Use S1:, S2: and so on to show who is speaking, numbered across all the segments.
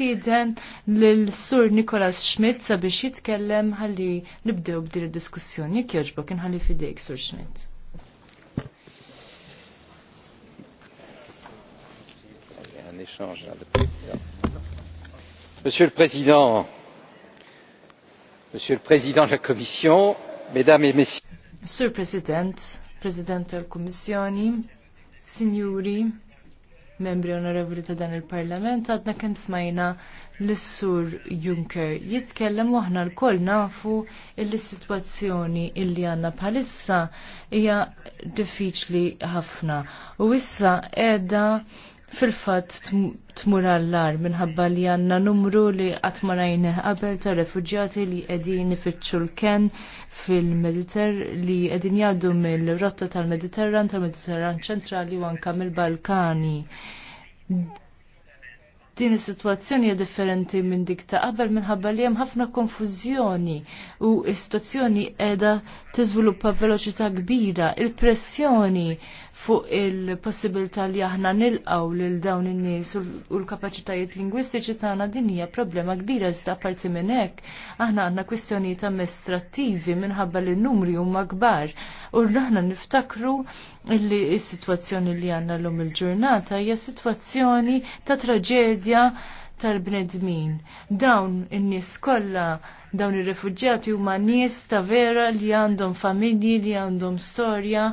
S1: nistieden l sur Nikolas Schmidt sabiex jitkellem ħalli nibdew b'din id-diskussjoni jekk jogħġbok inħalli fidejk Sur Schmidt. Monsieur le Président, Monsieur le Président de la Commission,
S2: Mesdames et Messieurs.
S1: Monsieur le Président, Président de la Commission, Signori, membri onorevoli ta' dan il-Parlament, għadna kem smajna l-Sur Juncker jitkellem waħna l-koll nafu il-situazzjoni illi għanna palissa hija diffiċli ħafna. U issa edha fil-fat tmur allar minħabba li għanna numru li għatmarajne qabel ta' refugġati li għedini ifittxu l-ken fil-Mediter li qegħdin jaddu mill-rotta tal-Mediterran tal-Mediterran ċentrali u anka mill-Balkani. Din is-sitwazzjoni hija differenti minn dik ta' qabel minħabba li hemm ħafna konfużjoni u s-sitwazzjoni qiegħda tiżviluppa veloċità kbira, il-pressjoni fuq il-possibilità li aħna nilqaw lil dawn in-nies u l-kapaċitajiet lingwistiċi tagħna din hija problema kbira iżda apparti minn hekk aħna għandna kwistjonijiet amministrattivi minħabba li n-numri huma kbar u aħna niftakru li s-sitwazzjoni li għandna l-lum il-ġurnata hija sitwazzjoni ta' traġedja tal-bnedmin. Dawn in-nies kollha dawn ir-refuġjati huma nies ta' vera li għandhom familji, li għandhom storja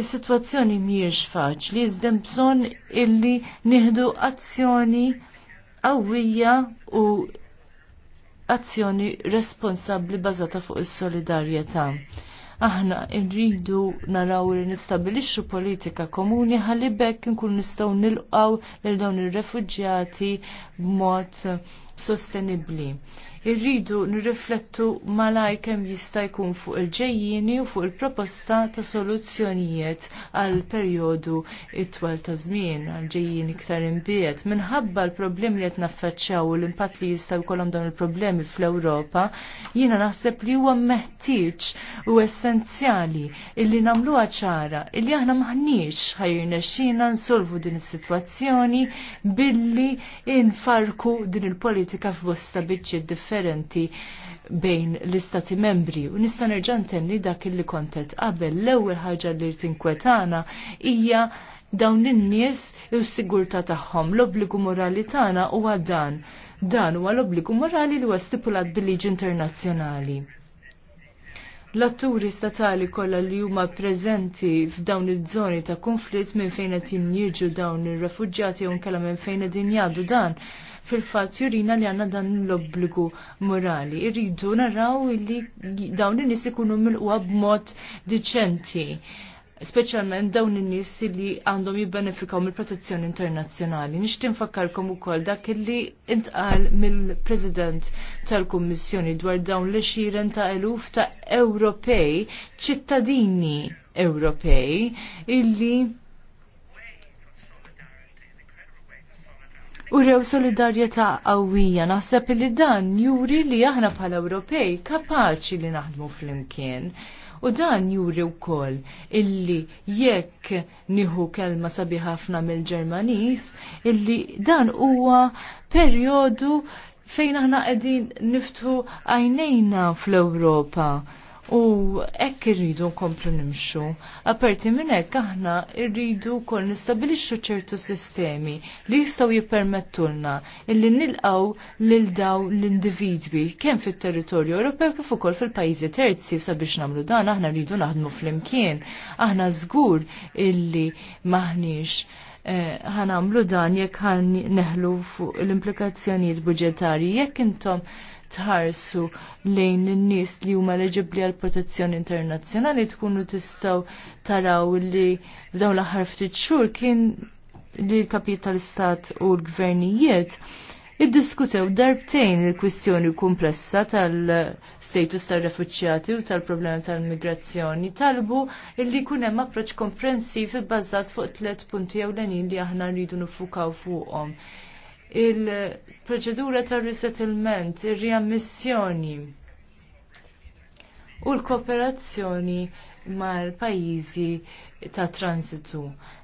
S1: Is-sitwazzjoni mhijiex faċli, iżda bżonn illi nieħdu azzjoni qawwija u azzjoni responsabbli bażata fuq is-solidarjetà. Aħna rridu naraw li nistabilixxu politika komuni ħalli bekk inkun nistgħu nilqgħu lil dawn ir-refuġjati b'mod sostenibbli irridu nirriflettu malaj kemm jista' jkun fuq il-ġejjini u fuq il-proposta ta' soluzzjonijiet għal perjodu it-twal ta' żmien għal ġejjin iktar imbiet. Minħabba l problemi li qed naffaċċaw u l-impatt li jista' jkollhom dawn il-problemi fl-Ewropa, jiena naħseb li huwa meħtieġ u essenzjali illi nagħmluha ċara illi aħna maħniex ħajjirna xina nsolvu din is-sitwazzjoni billi infarku din il-politika f'bosta biċċi differenti differenti bejn l-istati membri u nista' nerġa' ntenni dak illi kontet qabel l-ewwel ħaġa li tinkwetana hija dawn in-nies u s-sigurtà tagħhom l-obbligu morali tagħna huwa dan. Dan huwa l-obbligu morali li huwa stipulat bil-liġi internazzjonali. L-atturi statali kollha li huma preżenti f'dawn iż-żoni ta' konflitt minn fejn qed jiġu dawn ir-refuġġjati jew inkella minn fejn qegħdin jgħaddu dan fil-fatt jurina li għanna dan l-obbligu morali. Irridu naraw li dawn il nies ikunu milquha b'mod diċenti speċjalment dawn in-nies li għandhom jibbenefikaw mill-protezzjoni internazzjonali. Nixtieq nfakkarkom ukoll dak li intqal mill-President tal-Kummissjoni dwar dawn l xiren ta' eluf ta' Ewropej, ċittadini Ewropej, illi u rew solidarjetà qawwija. Naħseb li dan juri li aħna bħala Ewropej kapaċi li naħdmu flimkien. U dan juri wkoll illi jekk nieħu kelma sabi ħafna mill-Ġermanis, illi dan huwa perjodu fejn aħna qegħdin niftu għajnejna fl-Ewropa u ekk irridu nkomplu nimxu. Aperti minn hekk aħna rridu wkoll nistabilixxu ċertu sistemi li jistgħu jippermettulna illi nilqgħu lil daw l-individwi kemm fit-territorju Ewropew kif ukoll fil-pajjiżi terzi sabiex nagħmlu dan aħna rridu naħdmu flimkien. Aħna żgur illi maħniex eh, ħanamlu dan jekk ħan neħlu fuq l-implikazzjonijiet budġetarji jekk intom tħarsu lejn n nies li huma leġibli għal protezzjoni internazzjonali tkunu tistgħu taraw li f'dawn l-aħħar ftit xhur kien li l-kapit tal-istat u l-gvernijiet iddiskutew darbtejn il-kwistjoni komplessa tal-status tal-refuċjati u tal-problema tal-migrazzjoni talbu illi kun hemm approċċ komprensiv ibbażat fuq tliet punti ewlenin li aħna rridu nifukaw fuqhom il-proċedura ta' resettlement, ir-riammissjoni u l-kooperazzjoni mal-pajizi ta' transitu.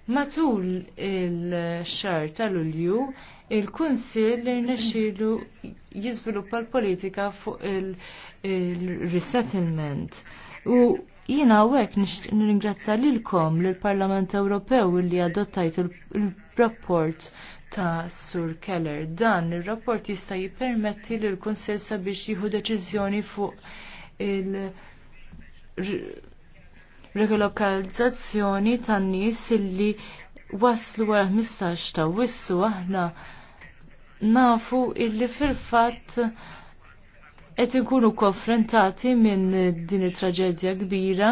S1: Matul il-xar tal-Ulju, il-Kunsil nirnexilu jizviluppa l-politika fuq il-resettlement. U jina għek nirringrazza lilkom l-Parlament Ewropew li għadottajt il-rapport il-rapport ta' Sur Keller. Dan ir-rapport jista' jippermetti lil kunsell sabiex jieħu deċiżjoni fuq il- rekolokalizzazzjoni tan nies illi waslu għal 15 ta' wissu aħna nafu illi fil-fatt qed inkunu konfrontati minn din it-traġedja kbira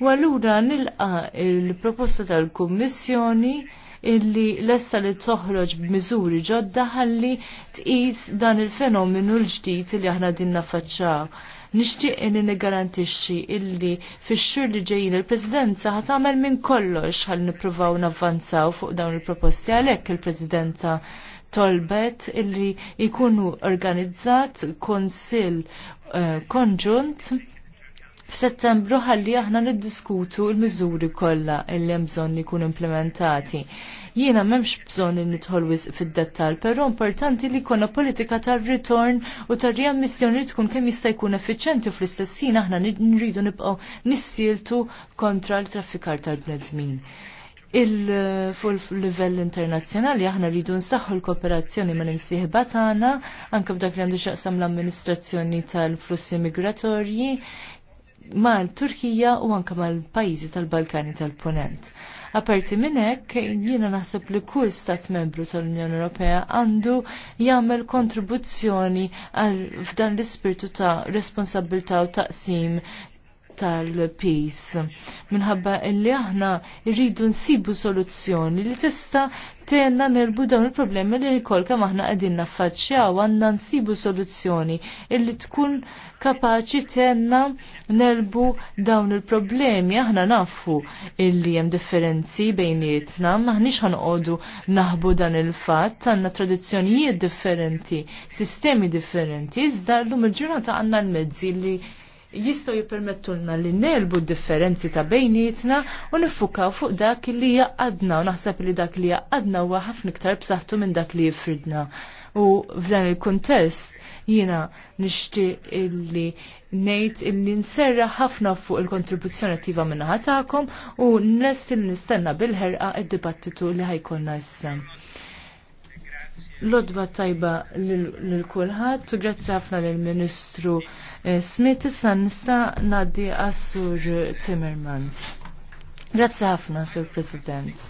S1: u allura nilqa il-proposta tal-Kummissjoni il illi lesta li toħroġ b'miżuri ġodda ħalli tqis dan il-fenomenu l-ġdid li aħna din naffaċċaw. Nixtieq li nigarantixxi illi fix-xhur li ġejjin il-Presidenza ħat tagħmel minn kollox ħalli nippruvaw navvanzaw fuq dawn il-proposti għalhekk il-Presidenza tolbet illi jkunu organizzat konsil uh, konġunt f'Settembru ħalli aħna niddiskutu l-miżuri kollha li hemm bżonn li jkunu implementati. Jiena m'hemmx bżonn li nidħol wisq fid-dettall, però importanti li jkollna politika tar-ritorn u tar-riammissjoni li tkun kemm jista' jkun effiċjenti fl-istess ħin aħna nridu nibqgħu nissieltu kontra l-traffikar tal-bnedmin il full livell internazzjonali aħna rridu nsaħħu l-kooperazzjoni ma' nimsieħba tagħna anke f'dak li għandu xaqsam l-amministrazzjoni tal-flussi migratorji mal-Turkija u anka mal-pajjiżi tal-Balkani tal-Ponent. Aparti minn hekk, jiena naħseb li kull stat membru tal-Unjoni Ewropea għandu jagħmel kontribuzzjoni għal f'dan l-ispirtu ta' responsabilità u taqsim tal-peace. Minħabba illi aħna rridu nsibu soluzzjoni li tista tenna nerbu dawn il-problemi li kolka aħna għedin naffaċċjaw għanna nsibu soluzzjoni illi tkun kapaċi tenna nerbu dawn il-problemi aħna nafu illi jem differenzi bejnietna maħnix ħanqodu naħbu dan il-fat għanna tradizzjonijiet differenti, sistemi differenti, iżda l-lum il-ġurnata għanna l-mezzi li jistgħu jippermettulna li nelbu d-differenzi ta' bejnietna u nifukaw fuq dak li jaqadna u naħseb li dak li jaqadna huwa ħafna iktar b'saħħtu minn dak li jifridna. U f'dan il-kuntest jiena nixtieq illi ngħid illi nserra ħafna fuq il-kontribuzzjoni attiva minnaħa tagħkom u nest il nistenna bil-ħerqa id-dibattitu li ħajkonna issa. Lodba tajba lil kulħadd grazzi ħafna lill-Ministru Eh, Smit issa nista' ngħaddi għas-Sur Timmermans. Grazzi ħafna, Sur President.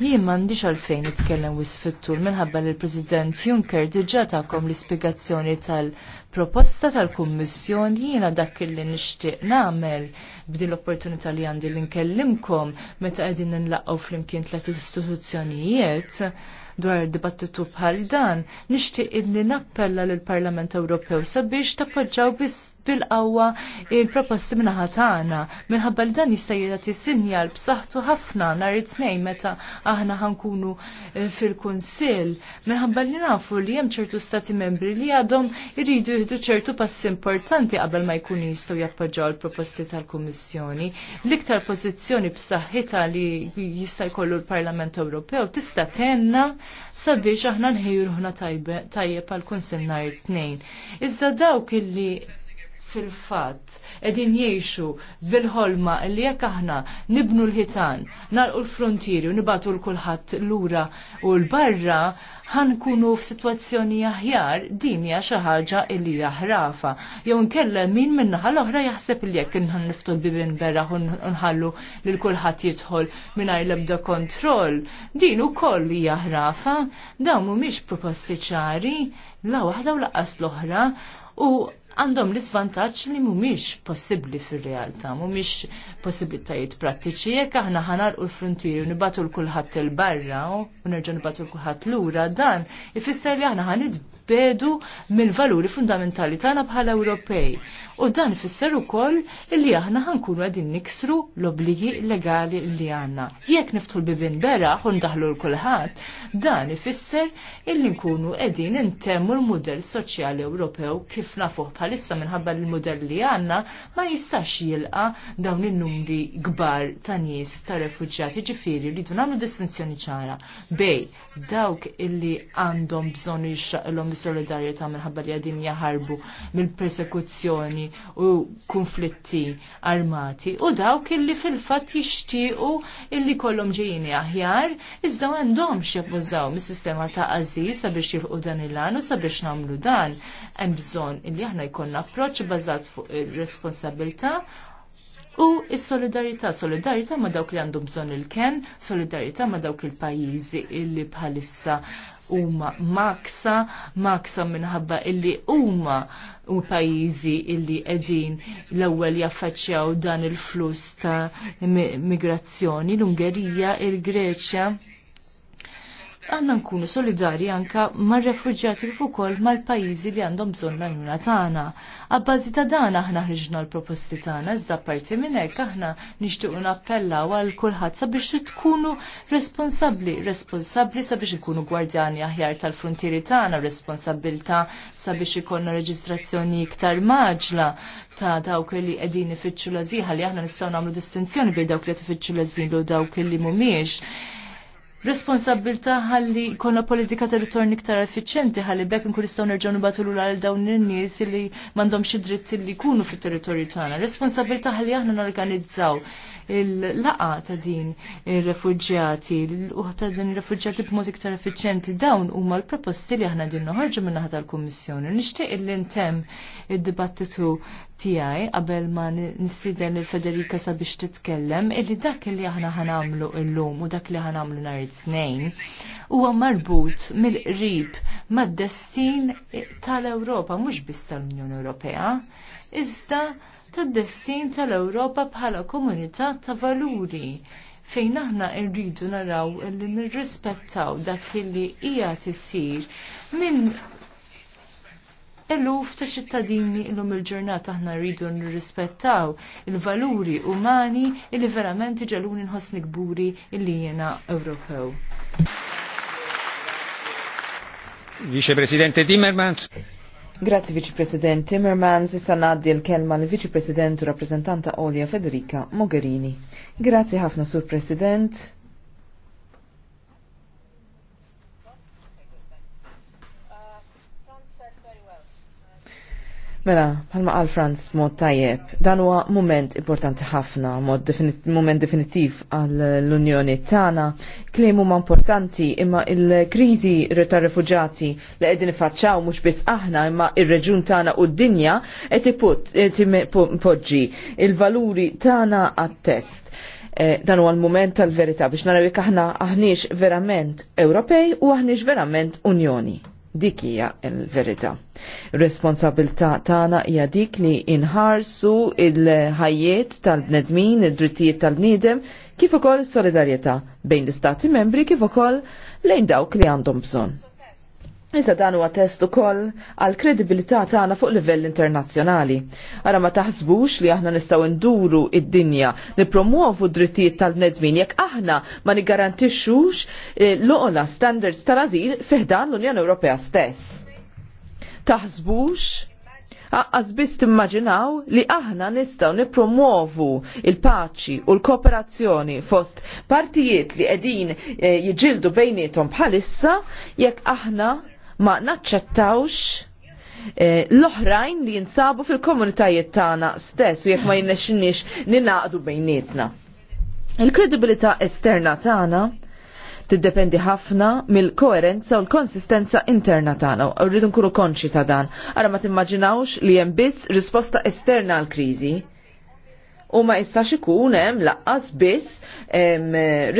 S1: Jien m'għandix għalfejn nitkellem wis fit-tul minħabba li l-President Juncker diġà tagħkom l-ispjegazzjoni tal-proposta tal-Kummissjoni jiena dak li nixtieq nagħmel b'din l-opportunità li għandi li nkellimkom meta qegħdin nlaqgħu flimkien tliet istituzzjonijiet dwar dibattitu bħal dan, nixtieq illi nappella lill-Parlament Ewropew sabiex tappoġġaw biss bil-qawwa il-proposti minnaħa tagħna minħabba li dan jista' jagħti sinjal b'saħħtu ħafna nhar it-tnejn meta aħna ħankunu eh, fil-Kunsill minħabba li nafu li hemm ċertu stati membri li għadhom iridu jieħdu ċertu passi importanti qabel ma jkunu jistgħu jappoġġaw il-proposti tal-Kummissjoni. L-iktar pożizzjoni b'saħħitha li jista' jkollu l-Parlament Ewropew tista' tenna sabiex aħna nħejju ruħna tajjeb għal kunsill nhar it-tnejn. Iżda dawk illi fil-fatt edin jiexu bil-ħolma li jekk aħna nibnu l-ħitan, nalqu l-frontieri u nibatu l-kulħadd lura u l-barra, ħankunu f'sitwazzjoni aħjar din hija xi ħaġa li jaħrafa. Jew nkella min minna l-oħra jaħseb li jekk niftu l-bibin berraħ u nħallu lil kulħadd jidħol minna l-ebda kontroll. Din ukoll hija ħrafa, dawn mhumiex proposti ċari la waħda u laqqas l-oħra u għandhom l-isvantaġġ li mhumiex possibbli fir-realtà, mhumiex possibilitajiet prattiċi. Jekk aħna ħanar u l-frontier u nibatu l-kulħadd il-barra u nerġa' nibatu l-kulħadd lura, dan ifisser li aħna ħanidbedu mill-valuri fundamentali tagħna bħala Ewropej u dan ifisser ukoll li aħna ħankunu qegħdin niksru l-obligi legali li għandna. Jekk niftħu l-bibin beraħ u ndaħlu l-kulħadd, dan ifisser illi nkunu qegħdin intemmu l-mudell soċjali Ewropew kif nafuh bħalissa minħabba l-mudell li għandna ma jistax jilqa dawn in-numri kbar ta' nies ta' refuġġjati ġifieri li nagħmlu distinzjoni ċara bej dawk illi għandhom bżonn jixxaqilhom is-solidarjetà minħabba li qegħdin jaħarbu mill-persekuzzjoni u konflitti armati u dawk illi fil-fatt jixtiequ illi kollhom ġejjini aħjar iżda m'għandhomx jabbużaw mis-sistema ta' għażil sabiex jilħqu dan il-lan u sabiex nagħmlu dan hemm bżonn illi aħna jkollna approċċ bażat fuq ir-responsabilità U il-solidarita, solidarita ma dawk li għandhom bżon il-ken, solidarita ma dawk il-pajizi illi bħalissa huma maksa, maksa minħabba illi huma u pajjiżi illi qegħdin l-ewwel jaffaċċjaw dan il-fluss ta' migrazzjoni l-Ungerija, il-Greċja. il il fluss ta migrazzjoni l ungerija il greċja għanna nkunu solidari anka mar refugġati kif ukoll mal-pajjiżi li għandhom bżonn l-għajnuna tagħna. Abbażi ta' dan aħna ħriġna l-proposti tagħna, iżda parti minn hekk aħna nixtiequ nappellaw għal kulħadd sabiex tkunu responsabbli, responsabbli sabiex ikunu gwardjani aħjar tal-frontieri tagħna, responsabbilta sabiex ikollna reġistrazzjoni iktar maġla ta' dawk li qegħdin ifittxu l li aħna nistgħu nagħmlu distinzjoni bejn dawk li qed ifittxu l-azil u dawk li mhumiex responsabilta ħalli konna politika territorni iktar effiċenti ħalli bekk nkun nistgħu nerġgħu nibatu għal dawn in-nies li m'għandhomx id-dritt li jkunu fit-territorju tagħna. Responsabilta ħalli aħna norganizzaw il-laqa ta' din il-refugġjati, l-uħ ta' din il-refugġjati b'mod iktar effiċenti dawn huma l-proposti li aħna din noħorġu minn naħa tal-Kummissjoni. Nixtieq li ntem id-dibattitu tiegħi qabel ma nistiden il-Federika sabiex titkellem illi dak li aħna ħanamlu illum u dak li ħanamlu nhar it-tnejn huwa marbut mill-qrib mad-destin tal-Ewropa mhux biss tal-Unjoni Ewropea, iżda tad-destin tal-Ewropa bħala komunità ta' valuri fejn aħna rridu naraw li nirrispettaw dak li hija tisir minn eluf ta' ċittadini l il-ġurnata aħna rridu nirrispettaw il-valuri umani li verament ġaluni nħossni gburi illi jena
S3: Ewropew. Vice Presidente Timmermans. Grazie, Viċi President Timmermans, issa naddi l-kelma l viċi President u rappresentanta Olja Federica Mogherini. Grazzi ħafna Sur President. Mela, palma għal Franz mod tajjeb, dan huwa moment importanti ħafna, mod moment definitiv għal l-Unjoni tagħna. Kliem huma importanti imma il-kriżi tar refuġati li qegħdin ifaċċaw mhux biss aħna imma ir-reġun tagħna u d-dinja qed ipoġġi il-valuri tagħna għat-test. E, dan huwa l-moment tal-verità biex naraw jekk aħna aħniex verament Ewropej u aħniex verament Unjoni. Dik hija l-verità. Responsabilità tagħna hija dik li inħarsu il-ħajjiet tal-bnedmin, id-drittijiet tal-bniedem, kif ukoll solidarjetà bejn l-istati membri kif ukoll lejn dawk li għandhom bżonn. Issa dan huwa test ukoll għal kredibilità tagħna fuq livell internazzjonali. Ara ma taħsbux li aħna nistgħu nduru id-dinja nippromuovu drittijiet tal-nedmin jekk aħna ma nigarantixxux eh, l-oqla standards tal-azil fiħdan l-Unjoni Ewropea stess. Taħsbux Għaqqas biss timmaġinaw li aħna nistgħu nippromovu il-paċi u l-kooperazzjoni fost partijiet li qegħdin eh, jiġildu bejnietom bħalissa jekk aħna ma naċċettawx eh, l-oħrajn li jinsabu fil-komunitajiet tagħna stess u jekk ma jinnexxinniex ninaqdu bejnietna. Il-kredibilità esterna tagħna tiddependi ħafna mill-koerenza u l-konsistenza interna tagħna. Rridu nkunu konċi ta' dan. Ara ma timmaġinawx li hemm biss risposta esterna għall kriżi u ma jistax ikun hemm laqqas biss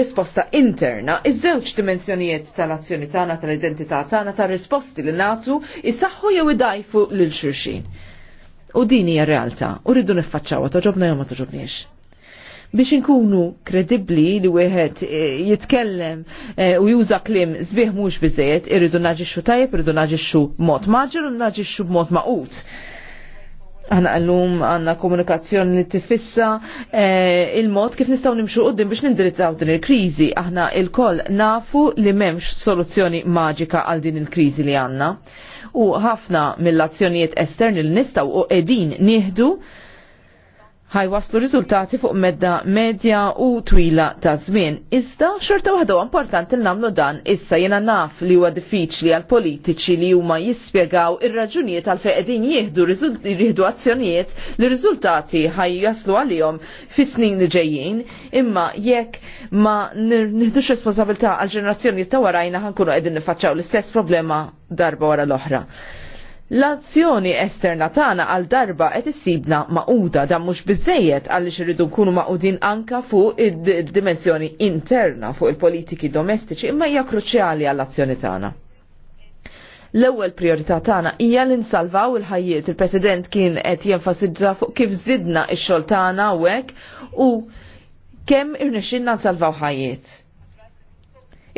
S3: risposta interna. Iż-żewġ dimensjonijiet tal-azzjoni tagħna tal-identità tagħna tar-risposti li nagħtu issaħħu jew idajfu lil xulxin. U din hija realtà u rridu niffaċċawha toġobna jew ma toġobniex biex inkunu kredibli li wieħed eh, jitkellem eh, u juża klim zbieħ mhux biżejjed irridu naġixxu tajjeb, irridu naġixxu b'mod maġġel u naġixxu b'mod maqut. Għana għallum għanna komunikazzjoni li tifissa eh, il-mod kif nistaw nimxu għoddim biex nindirizzaw din il-krizi. Aħna il-koll nafu li memx soluzzjoni maġika għal din il-krizi li għanna. U ħafna mill-azzjonijiet esterni li nistaw u edin nieħdu ħajwaslu riżultati fuq medda medja u twila ta' żmien. Iżda xorta waħda importanti l nagħmlu dan issa jiena naf li huwa diffiċli għal politiċi li huma jispjegaw ir-raġunijiet għal feqedin jieħdu jieħdu azzjonijiet li riżultati ħaj jaslu għalihom fi snin li ġejjin, imma jekk ma nieħdux responsabilità għal ġenerazzjoni ta' warajna ħankunu qegħdin nifaċċaw l-istess problema darba wara l-oħra. L-azzjoni esterna tagħna għal darba qed issibna maquda dan mhux biżejjed għaliex irridu nkunu maqudin anka fuq id-dimensjoni interna fuq il-politiki domestiċi imma hija kruċjali għall-azzjoni tagħna. L-ewwel priorità tagħna hija li nsalvaw il-ħajjiet. Il-President kien qed jenfasizza fuq kif zidna x-xogħol tagħna u kemm irnexxinna nsalvaw ħajjiet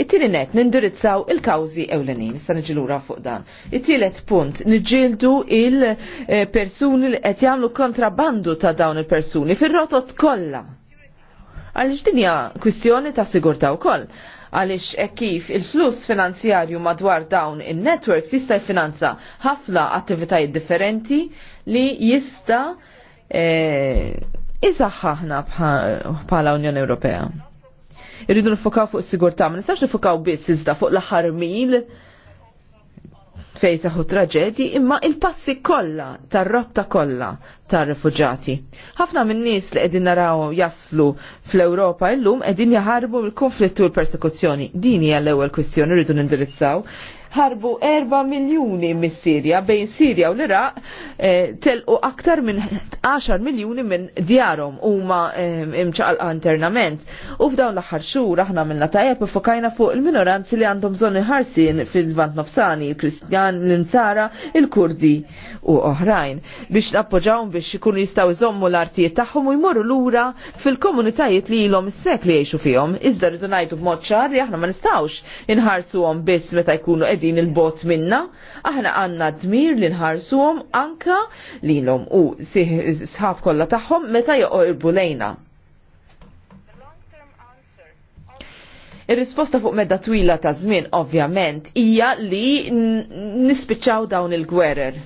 S3: It-tieni net nindirizzaw il-kawżi ewlenin, issa niġilura fuq dan. It-tielet punt niġġieldu il-persuni li qed jagħmlu kontrabandu ta' dawn il-persuni fir-rotot kollha. Għaliex dinja kwistjoni ta' sigurtà wkoll għalix e kif il-flus finanzjarju madwar dawn il-networks jista' jfinanza ħafna attivitajiet differenti li jista' e, iżaħħaħna bħala Unjoni Ewropea irridu nifokaw fuq is-sigurta, ma nistax nifokaw biss iżda fuq l-aħħar mil fej saħu traġedji imma il-passi kollha tar-rotta kollha tar-refuġati. Ħafna min-nies li qegħdin naraw jaslu fl-Ewropa llum qegħdin jaħarbu mill-konflitt u l-persekuzzjoni. Din hija l-ewwel kwistjoni rridu nindirizzaw ħarbu 4 miljuni mis Sirja bejn Sirja u l-Iraq eh, telqu aktar minn 10 miljuni minn djarhom huma eh, imċaqalqa internament. U f'dawn l-aħħar xhur aħna minna tajjeb fokajna fuq il-minoranzi li għandhom bżonn ħarsin fil-Vant Nofsani, il-Kristjan, l-Insara, il-Kurdi u oħrajn biex nappoġawm biex ikunu jistgħu iżommu l-artijiet tagħhom u jmorru lura fil-komunitajiet li ilhom is-sekli jgħixu fihom. Iżda rridu ngħidu b'mod ċar li aħna ma nistgħux inħarsuhom biss meta jkunu qegħdin il-bot minna, aħna għanna dmir li nħarsuhom anka lilhom u sħab kollha tagħhom meta joqorbu lejna. Ir-risposta fuq medda twila ta' żmien ovvjament hija li nispiċċaw dawn il-gwerer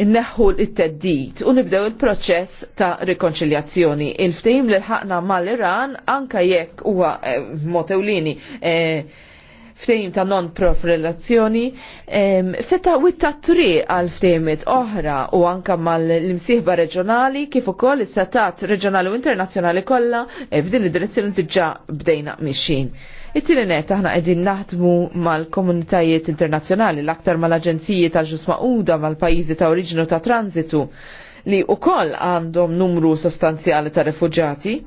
S3: inneħħu l-teddit u nibdew il-proċess ta' rikonċiljazzjoni. Il-ftehim li ħaqna mal-Iran anka jekk huwa motewlini eh, ftejim ta' non-prof relazzjoni, feta witta tri għal ftejimit oħra u anka mal-imsieħba reġjonali kif ukoll is-satat reġjonali u internazzjonali kollha e, f'din id-direzzjoni diġà bdejna mixin. It-tieni net aħna qegħdin naħdmu mal-komunitajiet internazzjonali l-aktar mal-aġenziji ta' ġus maquda mal-pajjiżi ta' oriġinu ta' transitu li u koll għandhom numru sostanzjali ta' refugjati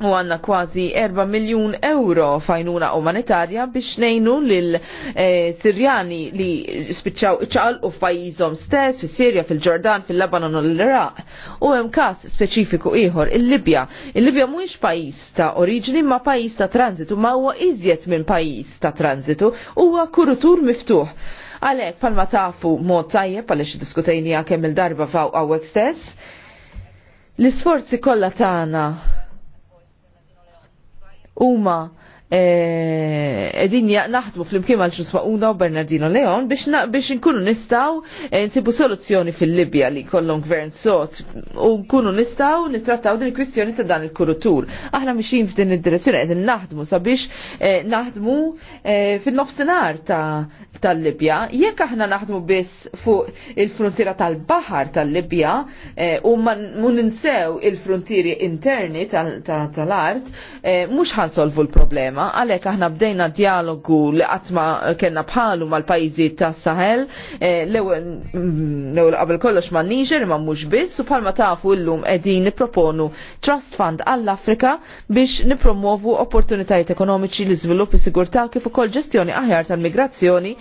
S3: u għanna kważi 4 miljon euro fajnuna umanitarja biex nejnu lil eh, Sirjani li spiċċaw ċal u f'pajjiżhom stess, fis-Sirja, fil-Ġordan, fil-Lebanon u l-Iraq. U hemm każ speċifiku ieħor il-Libja. Il-Libja mhuwiex pajjiż ta' oriġini ma' pajjiż ta' tranzitu, ma' huwa iżjed minn pajjiż ta' tranzitu, huwa kurutur miftuħ. Għalhekk palma tafu mod tajjeb għaliex diskutejnija kemm il-darba faw għawek stess, l-isforzi kollha tagħna huma Eh, edin naħdmu fl-imkien mal ġusmaquna u Bernardino Leon biex, biex nkunu nistaw eh, nsibu soluzzjoni fil-Libja li kollon gvern sot u nkunu nistaw nitrattaw din il-kwistjoni ta' dan il-kurutur. Aħna mixin f'din id-direzzjoni edin naħdmu sabiex eh, naħdmu fil-nofsenar tal-Libja. Jekk aħna naħdmu biss fuq il-frontiera tal-bahar tal-Libja u ma ninsew il-frontieri interni tal-art, mux ħansolvu l-problema problema għalhekk aħna bdejna dialogu li qatt ma kellna bħalu mal-pajjiżi ta' sahel eh, mm, l-ewwel qabel kollox ma' Niger ma mhux biss u bħalma tafu llum qegħdin nipproponu Trust Fund għall-Afrika biex nippromovu opportunitajiet ekonomiċi li zvilupi sigurta sigurtà kif ukoll ġestjoni aħjar tal-migrazzjoni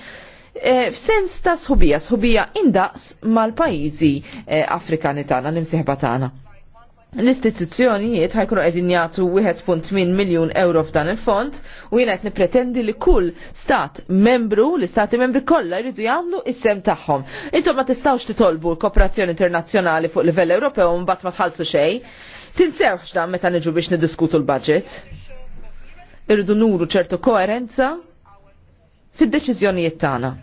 S3: eh, f'sens ta' sħubija, sħubija indaqs mal-pajjiżi eh, Afrikani tagħna, nimsieħba tagħna. L-istituzzjonijiet ħajkunu qegħdin jagħtu 1.8 miljun euro f'dan il-fond u jien qed nippretendi li kull stat membru, l-istati membri kollha jridu jagħmlu is-sem tagħhom. Intom ma tistgħux titolbu l-kooperazzjoni internazzjonali fuq livell Ewropew u mbagħad ma tħallsu xejn. Tinsewx dan meta niġu biex niddiskutu l-budget. Irridu nuru ċertu koerenza fid-deċiżjonijiet tagħna.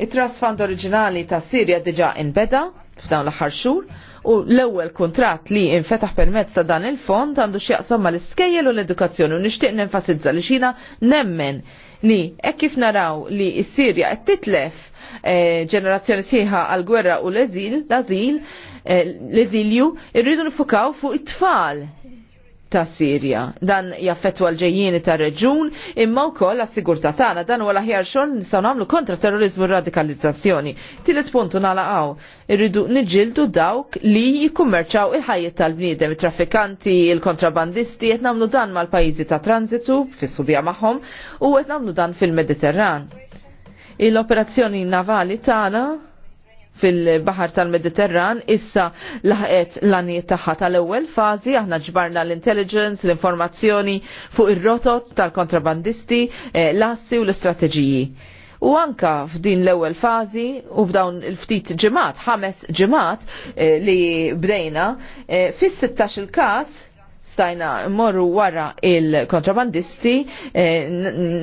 S3: it trust fund oriġinali ta' Sirja diġà inbeda f'dawn l-aħħar xhur u l-ewwel kuntratt li infetaħ permezz ta' dan il-fond għandu x'jaqsam mal-iskejjel u l-edukazzjoni u nixtieq nenfasizza li xina nemmen li hekk kif naraw li s-Sirja qed titlef eh, ġenerazzjoni sieħa għal gwerra u l-eżil, l eh, l-eżilju, irridu nifukaw fuq it-tfal ta' Sirja. Dan jaffetwa l-ġejjieni ta' reġun imma wkoll għas-sigurtà tagħna dan huwa l-aħjar xogħol nistgħu nagħmlu kontra terrorizmu u radikalizzazzjoni. Tielet puntu nalaqgħu irridu niġġieldu dawk li jikkummerċaw il-ħajjiet tal-bniedem, it-traffikanti, il-kontrabandisti qed nagħmlu dan mal-pajjiżi ta' transitu fis-subija magħhom u qed nagħmlu dan fil-Mediterran. Il-operazzjoni navali tagħna fil-bahar tal-Mediterran issa laħqet l ani taħħa tal-ewwel fażi aħna ġbarna l-intelligence, l-informazzjoni fuq ir-rotot tal-kontrabandisti, eh, l-assi u l-istrateġiji. U anka f'din l-ewwel fażi u f'dawn il-ftit ġimgħat, ħames ġimgħat eh, li bdejna, eh, fis-16 il-każ stajna morru wara il-kontrabandisti eh,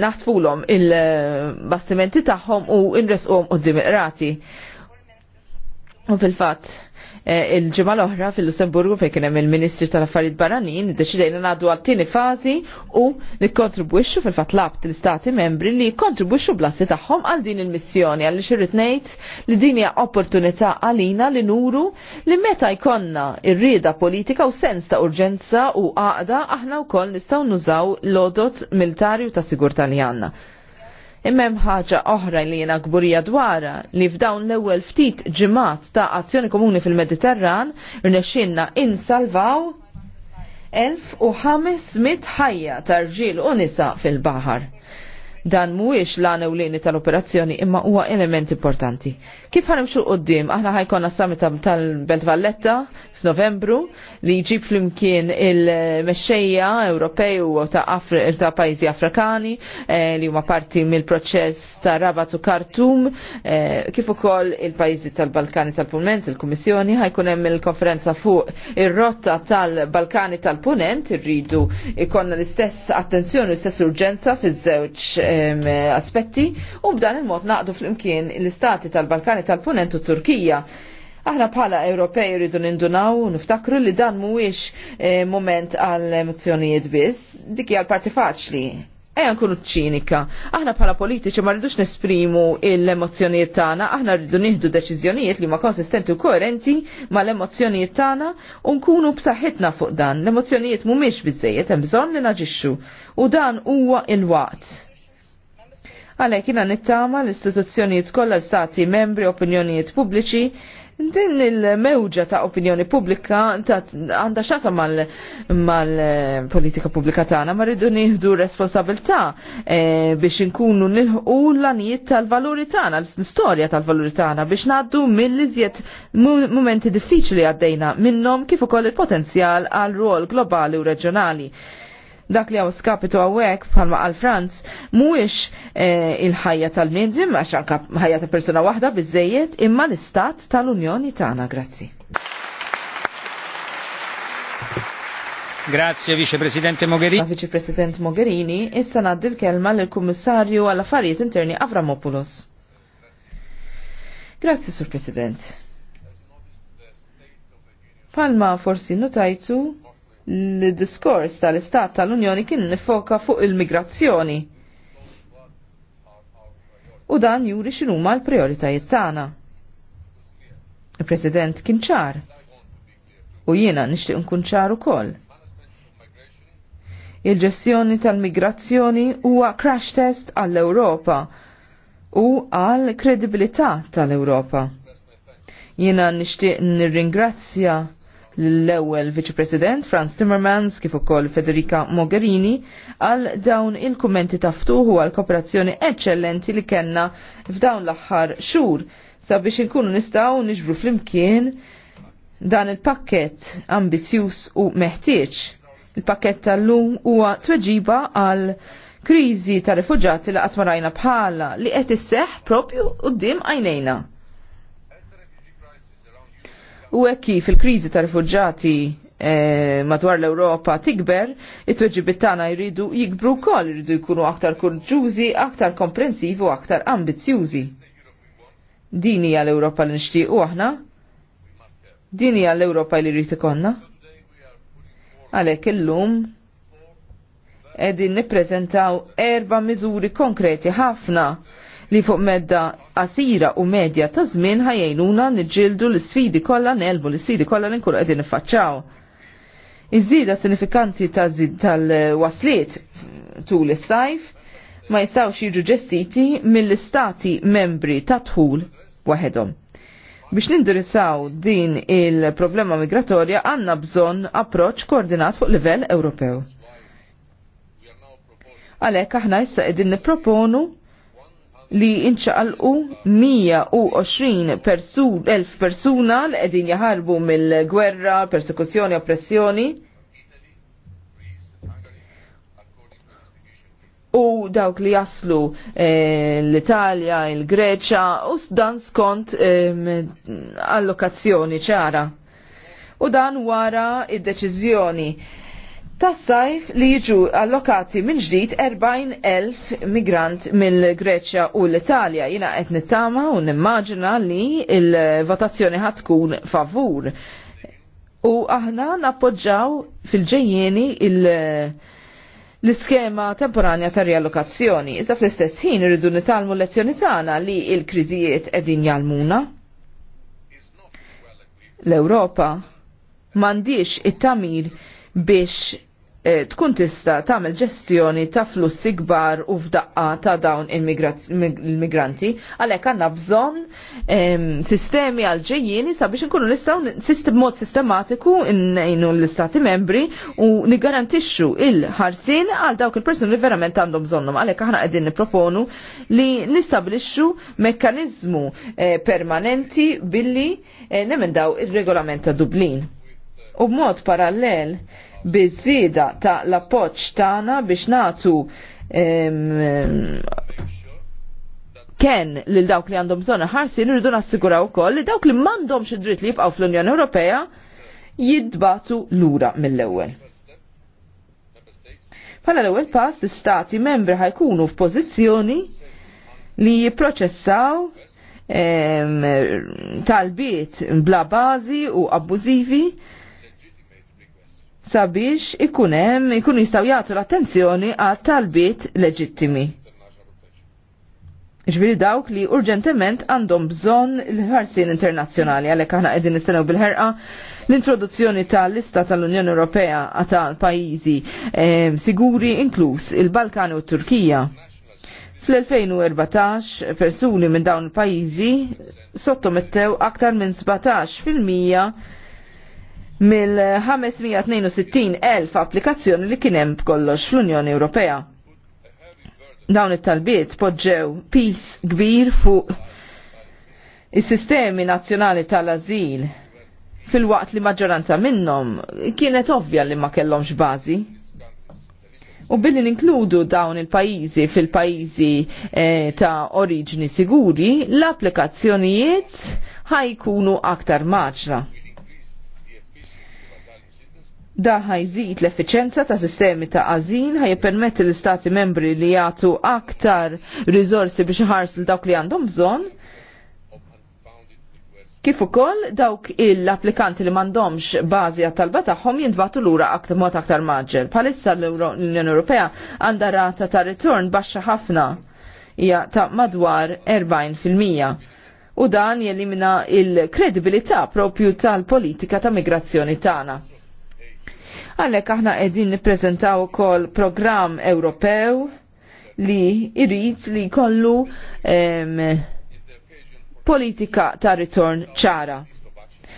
S3: naħtfulhom il-bastimenti tagħhom u nresquhom qudiem il-rati. il U fil-fatt, eh, il-ġimgħa l-oħra fil-Lussemburgu fejn hemm il-Ministri tal-Affarijiet Barranin deċidejna ngħaddu għal tieni fażi u nikkontribwixxu fil-fatt labt l stati membri li jikkontribwixxu blassi tagħhom għal din il-missjoni għal xirrid ngħid li din hija opportunità għalina li nuru li meta jkollna ir-rieda politika u sens ta' urġenza u għaqda aħna wkoll nistgħu nużaw l-odot militari u ta' sigurtà li għandna. Immem ħaġa oħra li jiena kburija dwara li f'dawn l-ewwel ftit ġimat ta' azzjoni komuni fil-Mediterran rnexxinna insalvaw 1500 ħajja ta' rġiel u nisa fil-baħar dan mhuwiex l ewlieni tal-operazzjoni imma huwa element importanti. Kif ħanimxu qoddim, aħna ħajkonna s s-samita tal-Belt Valletta f'Novembru li jġib flimkien il-mexxejja Ewropej u ta', Afri ta pajjiżi Afrikani eh, li huma parti mill-proċess ta' Rabat u Khartoum eh, kif ukoll il-pajjiżi tal-Balkani tal-Punent, il-Kummissjoni ħajkun hemm il-konferenza fuq ir-rotta tal-Balkani tal-Punent irridu ikonna l-istess attenzjoni l-istess urġenza fiż-żewġ aspetti u b'dan il-mod naqdu flimkien l-istati tal-Balkani tal-Punent u Turkija Aħna bħala Ewropej rridu nindunaw u niftakru li dan mhuwiex eh, moment għal emozzjonijiet biss, dik hija l-parti faċli. Ejja nkunu ċinika. Aħna bħala politiċi ma rridux nesprimu l-emozjonijiet tagħna, aħna rridu nieħdu deċiżjonijiet li ma konsistenti u koerenti ma l-emozjonijiet tagħna u nkunu b'saħħitna fuq dan. L-emozjonijiet mhumiex biżejjed hemm bżonn li naġixxu u dan huwa il-waqt. Għalhekk jiena nittama l-istituzzjonijiet kollha l-stati membri opinjonijiet pubbliċi Din il-mewġa ta' opinjoni pubblika għandha xasa mal-politika eh, publika pubblika tagħna ma rridu nieħdu responsabilità eh, biex inkunu nilħu l-anijiet tal-valuri tagħna, l-istorja tal-valuri tagħna biex ngħaddu mill-iżjed mumenti diffiċli għaddejna minnhom kif ukoll il-potenzjal għal rol globali u reġjonali dak li għaw skapitu għawek bħalma għal Franz mhuwiex eh, il-ħajja tal-mindim għax anka ħajja ta' persuna waħda bizzejiet imma l-istat tal-Unjoni tagħna grazzi. Grazie Vice Presidente Mogherini. President Mogherini, issa naddi l-kelma l-Kummissarju għall-Affarijiet Interni Avramopoulos. Grazie, Sur President. Palma forsi notajtu l-diskors tal-Istat tal-Unjoni kien nifoka fuq il-migrazzjoni. U dan juri x'inhuma l prioritajiet tagħna. Il-President kien ċar. U jiena nixtieq nkun ċar ukoll. Il-ġestjoni tal-migrazzjoni huwa crash test għall-Ewropa u għall kredibilità tal-Ewropa. Jiena nixtieq nirringrazzja l-ewwel Viċi President Franz Timmermans kif ukoll Federica Mogherini għal dawn il-kummenti taftuħu għal kooperazzjoni eċċellenti li kellna f'dawn l-aħħar xhur sabiex inkunu nistgħu niġbru flimkien dan il-pakket ambizjuż u meħtieġ. Il-pakket tal-lum huwa tweġiba għal kriżi ta' rifuġati li qatt marajna bħala li qed isseħħ propju quddiem għajnejna. U hekk kif il-kriżi ta' rifuġġati eh, madwar l-Ewropa tikber, it-tweġibit tagħna jridu jikbru wkoll, jridu jkunu aktar kurġużi, aktar komprensivi u aktar ambizzjużi. Din hija l-Ewropa li nixtiequ aħna? Din hija l-Ewropa li rrid ikollna? Għalhekk illum qegħdin nippreżentaw erba' miżuri konkreti ħafna li fuq medda qasira u medja ta' żmien ħajjejnuna niġġieldu l-sfidi kollha nelbu l-sfidi kollha li nkunu qegħdin niffaċċaw. Iż-żieda sinifikanti tal-wasliet tul is-sajf ma jistawx jiġu ġestiti mill-istati membri ta' tħul waħedhom. Biex nindirizzaw din il-problema migratorja għanna bżon approċ koordinat fuq livell Ewropew. Għalek aħna issa qegħdin nipproponu li inċaqalqu 120 persun, elf persuna li qegħdin jaħarbu mill-gwerra, persekuzzjoni, oppressjoni. U dawk li jaslu eh, l-Italja, il-Greċa, u dan skont allokazzjoni ċara. U dan wara id-deċiżjoni tas sajf li jiġu allokati minn ġdid 40.000 migrant mill-Greċja u l-Italja. Jina qed nittama u nimmaġina li il-votazzjoni ħad tkun favur. U aħna nappoġġaw fil-ġejjeni l-iskema temporanja ta' riallokazzjoni. Iżda fl-istess ħin irridu nitalmu lezzjoni tagħna li l-kriżijiet qegħdin jalmuna. L-Ewropa m'għandix it-tamir biex E, tkun tista tagħmel ġestjoni ta' flussi kbar u f'daqqa ta' dawn il-migranti, għalhekk għandna bżonn sistemi għal ġejjieni sabiex inkunu nistgħu mod sistematiku ngħinu l-istati membri u nigarantixxu il-ħarsin għal dawk il-persuni li verament għandhom bżonnhom. Għalhekk aħna qegħdin nipproponu li nistabilixxu mekkaniżmu e, permanenti billi e, nemendaw ir-regolament ta' Dublin. U b'mod parallel bizzida ta' l-appoġġ tagħna biex nagħtu ken lil dawk li għandhom bżonn ħarsin irridu nassiguraw ukoll li dawk li m'għandhom xi dritt li jibqgħu fl-Unjoni Ewropea jidbatu lura mill-ewwel. Bħala l-ewwel pass l-istati membri ħajkunu f'pożizzjoni li jipproċessaw talbiet bla bażi u abbużivi sabiex ikunem, ikun jistaw jgħatu l-attenzjoni għat talbiet leġittimi. Ġbiri dawk li urġentement għandhom bżon l-ħarsin internazzjonali għalek aħna qegħdin nistennew bil-ħerqa l-introduzzjoni tal lista tal-Unjoni Ewropea ta' pajjiżi eh, siguri inkluż il-Balkani u Turkija. Fl-2014 persuni minn dawn il-pajjiżi sottomettew aktar minn 17 fil-mija mill-562.000 applikazzjoni li kienem b'kollox fl-Unjoni Ewropea. Dawn it-talbiet poġġew pis kbir fuq is-sistemi nazzjonali tal-azil fil-waqt li maġġoranza minnhom kienet ovvja li ma kellhomx bażi. U billi ninkludu dawn il-pajizi fil-pajizi eh, ta' oriġni siguri, l-applikazzjonijiet ħajkunu aktar maġra. Da ħajżid l-effiċenza ta' sistemi ta' ħaj permetti l-istati membri li jagħtu aktar rizorsi biex ħarsu dawk li għandhom bżonn. Kif ukoll dawk il-applikanti li m'għandhomx bażi għat-talba tagħhom jintbagħtu lura aktar mod aktar maġġel. Palissa l-Unjoni Ewropea għandha rata ta' ritorn baxxa ħafna hija ta' madwar 40% u dan jelimina il-kredibilità propju tal-politika ta' migrazzjoni tagħna Għalhekk aħna qegħdin nippreżentaw ukoll programm Ewropew li jrid li jkollu politika ta' ritorn ċara.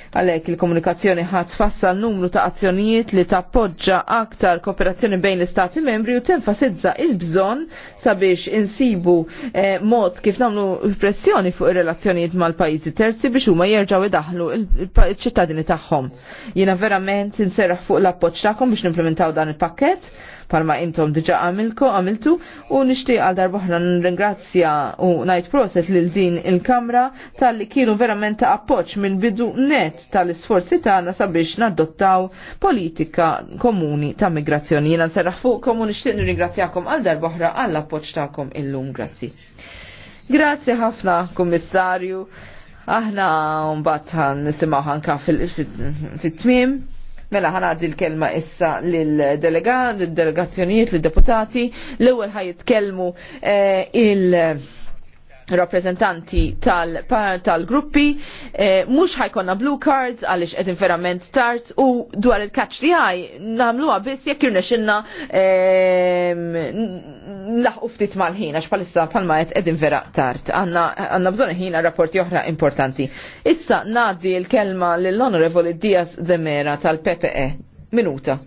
S3: Għalhekk il-komunikazzjoni ħadd fassal numru ta' azzjonijiet li tappoġġa aktar kooperazzjoni bejn l-Istati membri u tenfasizza il-bżonn sabiex insibu eh, mod kif nagħmlu pressjoni fuq ir-relazzjonijiet mal-pajjiżi terzi biex huma jerġgħu idaħlu il-ċittadini tagħhom. Jiena verament inserraħ fuq l-appoġġ tagħkom biex nimplementaw dan il-pakkett palma intom diġa għamilko għamiltu u nishti għal darbohra n-ringrazzja u najt proset lil din il-kamra tal-li kienu verament ta' appoċ minn bidu net tal-isforzi tagħna sabiex nadottaw politika komuni ta' migrazzjoni. Jena nserraħ fuqkom u n-ringrazzjakom għal darbohra għall appoċ tagħkom illum. Grazzi. Grazzi ħafna, kummissarju. Aħna mbagħad nisimaw ħanka fit-tmiem. Mela għaddi l-kelma issa l delegat l delegazzjonijiet l deputati l-ewwel ħajitkellmu eh, il- rappresentanti tal-gruppi tal eh, mux ħajkonna blue cards għalix edin verament start u dwar il-catch li għaj namlu għabis jek jirna xinna ehm, laħ uftit ftit mal-ħin għax palissa palma jett edin vera tart għanna bżon ħin rapporti oħra importanti issa naddi il-kelma l-onorevoli Diaz de Mera tal-PPE minuta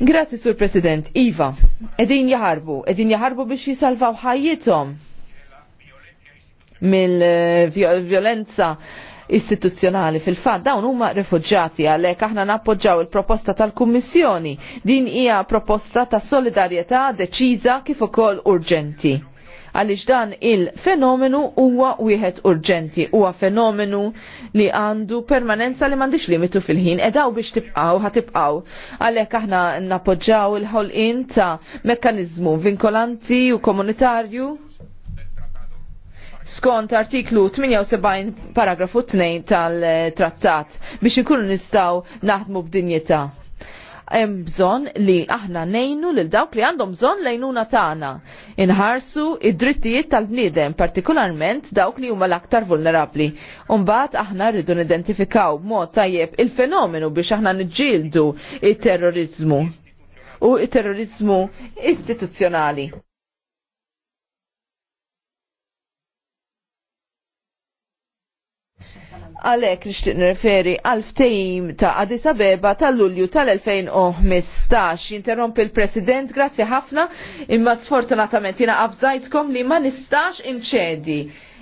S3: Grazzi, Sur President. Iva, edin jaharbu, edin jaharbu biex jisalvaw ħajjitom mill-violenza istituzzjonali fil-fat dawn huma rifugġati għalhekk aħna nappoġġaw il-proposta tal-Kummissjoni. Din hija proposta ta' solidarjetà deċiża kif ukoll urġenti għaliex dan il-fenomenu huwa wieħed urġenti, huwa fenomenu li għandu permanenza li m'għandix limitu fil-ħin, edaw biex tibqaw, ħatibqaw. Għalhekk aħna nappoġġaw il-ħolqien ta' mekkaniżmu vinkolanti u komunitarju skont artiklu 78 paragrafu 2 tal-trattat biex ikunu nistaw naħdmu b'dinjeta hemm bżonn li aħna nejnu lil dawk li għandhom bżonn lejnuna tagħna. Inħarsu id-drittijiet tal-bniedem, partikolarment dawk li huma l-aktar vulnerabbli. Umbagħad aħna rridu nidentifikaw b'mod tajjeb il-fenomenu biex aħna niġġieldu it-terrorizmu u it-terrorizmu istituzzjonali. Għalek nishtiq nirreferi għal ftejim ta' Addis Abeba tal-Lulju tal-2015. Interrompi il-President, grazzi ħafna, imma sfortunatament jina għafżajtkom li ma nistax inċedi.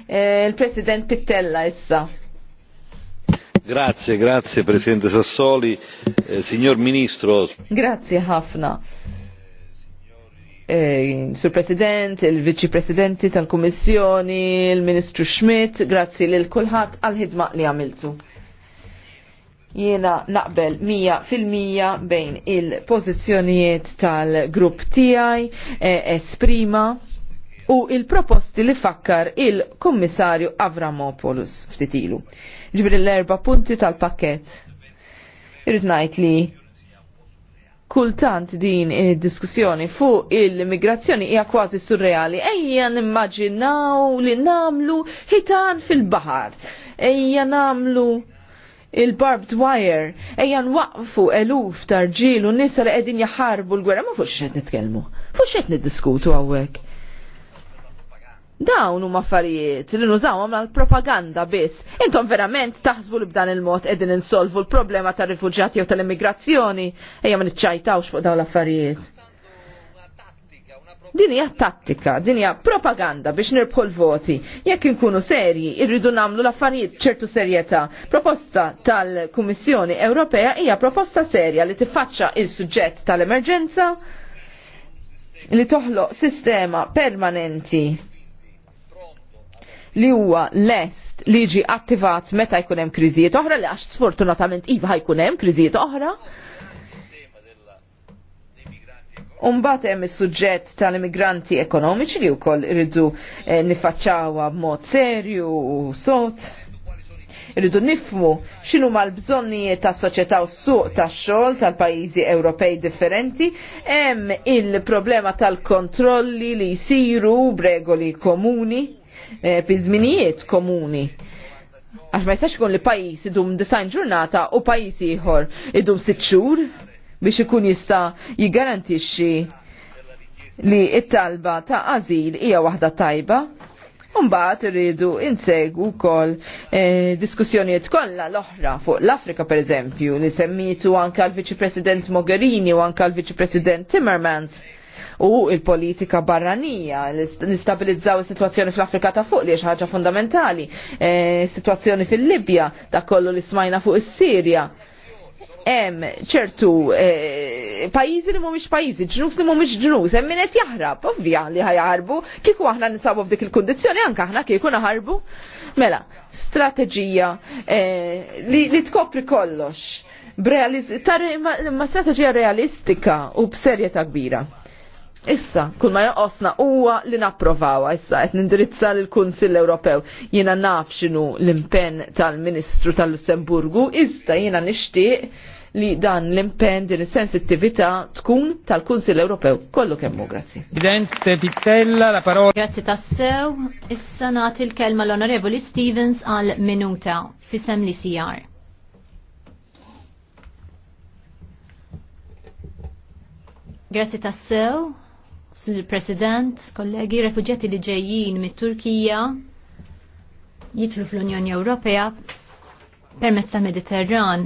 S3: Eh, Il-President Pittella issa. Grazie, grazie Presidente Sassoli. Eh, signor Ministro. Grazie ħafna. Eh, sur President, il-Viċi Presidenti tal-Kummissjoni, il-Ministru Schmidt, grazzi lil kulħadd għal-ħidma li għamiltu. Jiena naqbel 100% bejn il-pożizzjonijiet tal-grupp tiegħi eh, esprima u il-proposti li fakkar il-Kummissarju Avramopoulos ftitilu. Ġibri l-erba punti tal-pakket. Irrid ngħid li kultant din diskussjoni fuq il-migrazzjoni hija kważi surreali. Ejja nimmaġinaw li namlu ħitan fil-baħar. Ejja namlu il-barbed wire. Ejja nwaqfu eluf tarġil u nisa li qegħdin jaħarbu l-gwerra ma fux x'qed nitkellmu. Fux x'qed niddiskutu hawnhekk. Dawn huma affarijiet li nużawhom għal propaganda biss. Intom verament taħsbu li b'dan il-mod qegħdin insolvu l-problema tar-rifuġjati jew tal-immigrazzjoni ejja ma niċċajtawx fuq dawn l-affarijiet. Din hija tattika, din hija propaganda biex nirbħu l-voti. Jekk inkunu serji, irridu nagħmlu l-affarijiet ċertu serjetà. Proposta tal-Kummissjoni Ewropea hija proposta serja li tiffaċċa il-suġġett tal-emerġenza li toħloq sistema permanenti li huwa lest li jiġi attivat meta jkun hemm kriżijiet oħra li għax sfortunatament iva jkun hemm kriżijiet oħra. Umbat hemm is-suġġett tal-immigranti ekonomiċi li wkoll irridu eh, nifaċċawha b'mod serju u sot irridu nifmu x'inhu l bżonnijiet ta' soċjetà u suq tax xogħol tal-pajjiżi Ewropej differenti, hemm il-problema tal-kontrolli li jsiru b'regoli komuni bizminijiet eh, żminijiet komuni. Għax ma jistax ikun li pajjiż idum design ġurnata u pajjiż ieħor idum sitt xhur biex ikun jista' jiggarantixxi li it-talba ta' għażil hija waħda tajba. Umbaħt rridu insegu kol eh, diskussjoniet kolla l-oħra fuq l-Afrika per eżempju li semmitu anka l-Viċi President Mogherini u anka l-Viċi President Timmermans u il-politika barranija, nistabilizzaw is-sitwazzjoni fl-Afrika ta' fuq li ħaġa fundamentali, il e, situazzjoni fil-Libja, da' kollu li smajna fuq is-Sirja. Hemm ċertu e, pajjiżi li mhumiex pajjiżi, ġnus li mhumiex ġnus, hemm min qed jaħrab, ovvja li ħajaħarbu, Kiku aħna nisabu f'dik il-kundizzjoni anke aħna kieku naħarbu. Mela, strateġija e, li, li tkopri kollox, ma strateġija realistika u b'serjetà kbira. Issa, kull ma joqosna huwa li napprovawa issa qed nindirizza l kunsill Ewropew. Jina naf xinu l-impenn tal-Ministru tal-Lussemburgu, Issa jiena nixtieq li dan l-impenn din is-sensittività tkun tal-Kunsill Ewropew. Kollu kemmu, grazzi. Presidente Pittella, la parola.
S2: Grazzi tassew. Issa nagħti l-kelma l-Onorevoli Stevens għal minuta fisem li sijar. Grazzi tassew. President, kollegi, refuġjati li ġejjin mit-Turkija jitlu fl-Unjoni Ewropea permezz tal-Mediterran.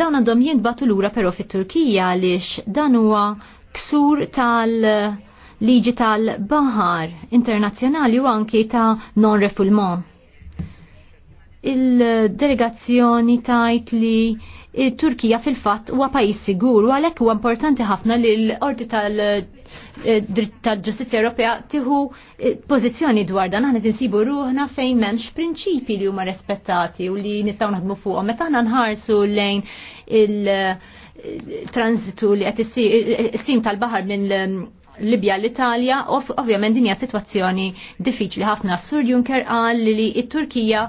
S2: Dawn għandhom jintbatu lura però fit-Turkija għaliex dan huwa ksur tal- liġi tal-bahar internazzjonali u anki ta' non-refoulement. Il-delegazzjoni tajt li Turkija fil-fatt huwa pajjiż sigur u għalhekk huwa importanti ħafna li l-Ordi tal eh, tal-ġustizja Ewropea tiħu eh, pożizzjoni dwar dan aħna tinsibu ruħna fejn m'hemmx prinċipi li huma rispettati u li nistgħu naħdmu fuqhom. Meta aħna nħarsu lejn il-transitu li qed l-sim tal-baħar minn mm, Libja l-Italja, ovvjament dinja situazzjoni diffiċli ħafna. Sur Juncker qal li t-Turkija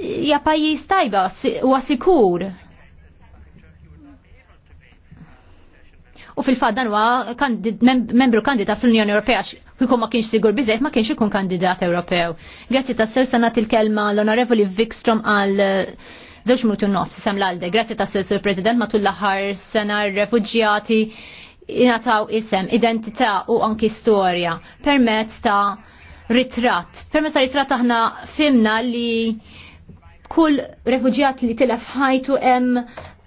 S2: ja pajjiż tajba huwa sikur. U fil-fatt dan huwa membru kandidat fl-Unjoni Ewropea kieku ma kienx sigur biżejt ma kienx ikun kandidat Ewropew. Grazzi tas-sew sanat il-kelma l-Onorevoli Vikstrom għal mutu eh, minuti nofs sem l alde Grazzi ta' s-sur President matul l-ħar sena refugjati inataw isem, identità u anki storja permezz ta' ritratt. Permezz ta' ritratt aħna fimna li kull refugjat li tilef ħajtu hemm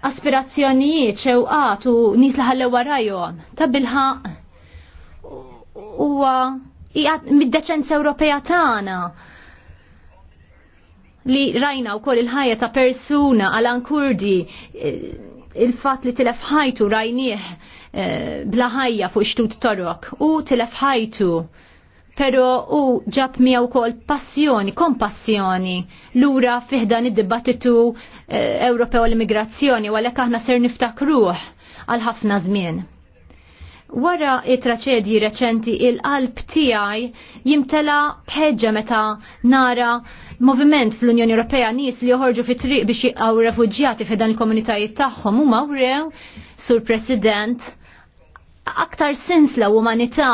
S2: aspirazzjonijiet xewqat u nies li ħallew warajhom. Ta' bilħaq huwa mid-deċenza Ewropea tagħna li rajna u koll il-ħajja ta' persuna għal kurdi il-fat li tilef ħajtu rajnieh eh, bla ħajja fuq xtut torok u tilef ħajtu pero u ġab miegħu wkoll passjoni, kompassjoni lura fiħdan id-dibattitu eh, Ewropew l-immigrazzjoni u għalhekk aħna ser niftakruh għal ħafna żmien. Wara it-traċedji reċenti il-qalb tiegħi jimtela bħeġġa meta nara moviment fl-Unjoni Ewropea nies li joħorġu fi triq biex jaqgħu refuġjati f'dan il-komunitajiet tagħhom huma wrew sur President aktar sens la umanità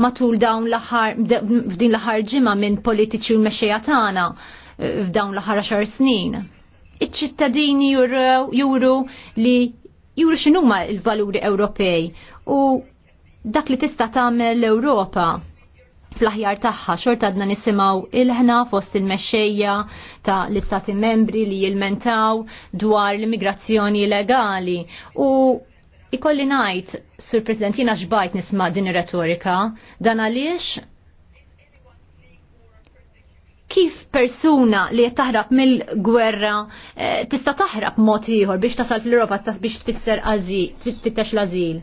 S2: matul dawn l-aħħar f'din l-aħħar ġimgħa minn politiċi u mexxejja tagħna eh, f'dawn l-aħħar xar snin. Iċ-ċittadini juru li juru x'inhuma l-valuri Ewropej u dak li tista' tagħmel l-Ewropa fl-aħjar tagħha xorta għadna nisimgħu il-ħna fost il-mexxejja ta' l-istati membri li jilmentaw dwar l-immigrazzjoni legali u Ikolli najt, Sur President, jina xbajt nisma din retorika, dan għaliex kif persuna li qed taħrab mill-gwerra eh, tista' taħrab mod ieħor biex tasal fl-Ewropa biex tfisser ażil, tfittex l-ażil.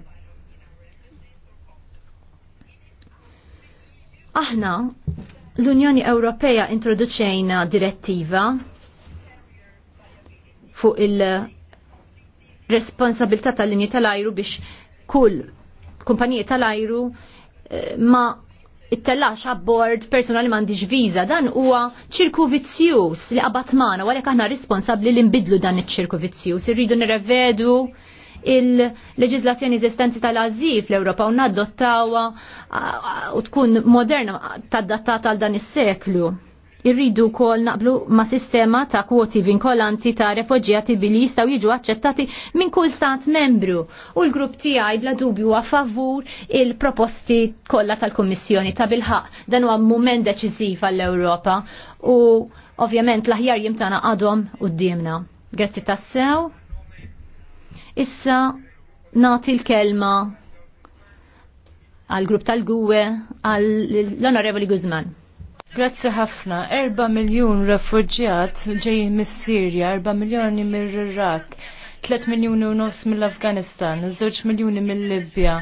S2: Aħna l-Unjoni Ewropea introduċejna direttiva fuq il- responsabilità tal-linji tal-ajru biex kull kumpaniji tal-ajru eh, ma it-tellax abbord persona li mandiġ viza dan huwa ċirku vizzjus li qabat magħna għalhekk aħna responsabbli li nbidlu dan iċ-ċirku vizzjus. Irridu nirrevedu il-leġizlazzjoni eżistenti tal-azil fl-Ewropa u naddottawa u tkun moderna tad-dattata għal dan is-seklu irridu kol naqblu ma sistema ta' kwoti vinkolanti ta' refugjati billi jistaw jiġu accettati minn kull stat membru. U l-grupp tiegħi bla dubju a favur il-proposti kollha tal-Kummissjoni ta' bilħaq dan huwa mument deċiżiv għall-Ewropa u ovvjament l-aħjar jimtana għadhom qudiemna. Grazzi tassew. Issa nati l-kelma għal grupp tal-gwe
S1: għall onorevoli Guzman. Grazzi ħafna. 4 miljon refugjat ġejjin mis-Sirja, 4 miljoni mir-Irak, 3 miljoni u nofs mill-Afganistan, 2 miljoni mill-Libja.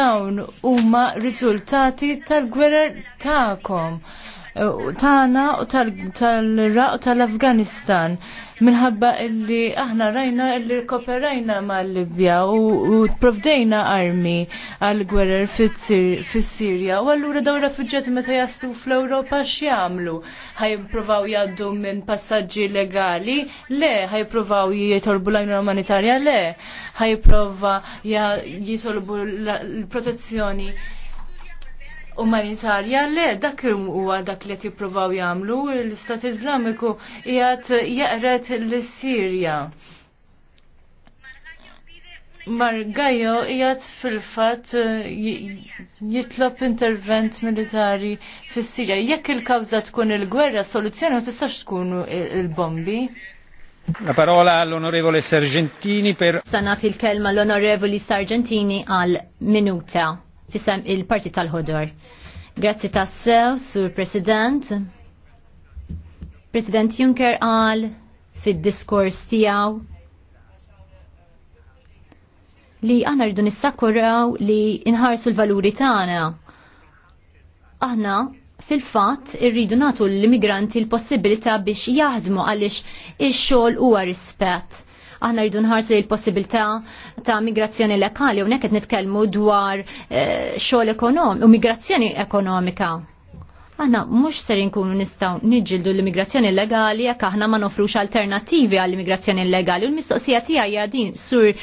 S1: Dawn huma riżultati tal-gwerra tagħkom. Ta Tana u tal-Iraq u tal-Afganistan minħabba illi aħna rajna illi kooperajna mal-Libja u provdejna armi għal gwerer fis-Sirja u allura daw refuġġjati meta jaslu fl-Ewropa x'jagħmlu? Ħajprovaw jgħaddu minn passaġġi legali? Le, ħajprovaw jitolbu l-ajnuna umanitarja? Le, ħajprova jitolbu l-protezzjoni umanitarja le dak huwa dak li qed jippruvaw jagħmlu l-Istat Iżlamiku qiegħed jaqret lis-Sirja. Margajo jgħat fil-fat eh, jitlob intervent militari fis sirja Jekk il-kawza tkun il-gwerra, soluzzjoni ma tistax tkun il-bombi?
S3: La parola all'onorevole Sargentini per...
S1: Sanat il-kelma
S2: l-onorevoli Sargentini għal minuta fissam il-parti tal-ħodor. Grazzi tassew, sur President. President Juncker għal fid-diskors tijaw li għana rridu nissakuraw li inħarsu l-valuri tagħna. Aħna fil-fatt irridu natu l-immigranti l-possibilità biex jaħdmu għaliex ix-xogħol huwa rispett aħna rridu nħarsu l-possibilità ta' migrazzjoni lokali u qed nitkellmu dwar eh, xogħol ekonomiku u migrazzjoni ekonomika. Aħna mhux ser inkunu nistgħu niġġieldu l-immigrazzjoni legali jekk aħna ma nofrux alternattivi għall-immigrazzjoni illegali. U l-mistoqsija tiegħi hija din sur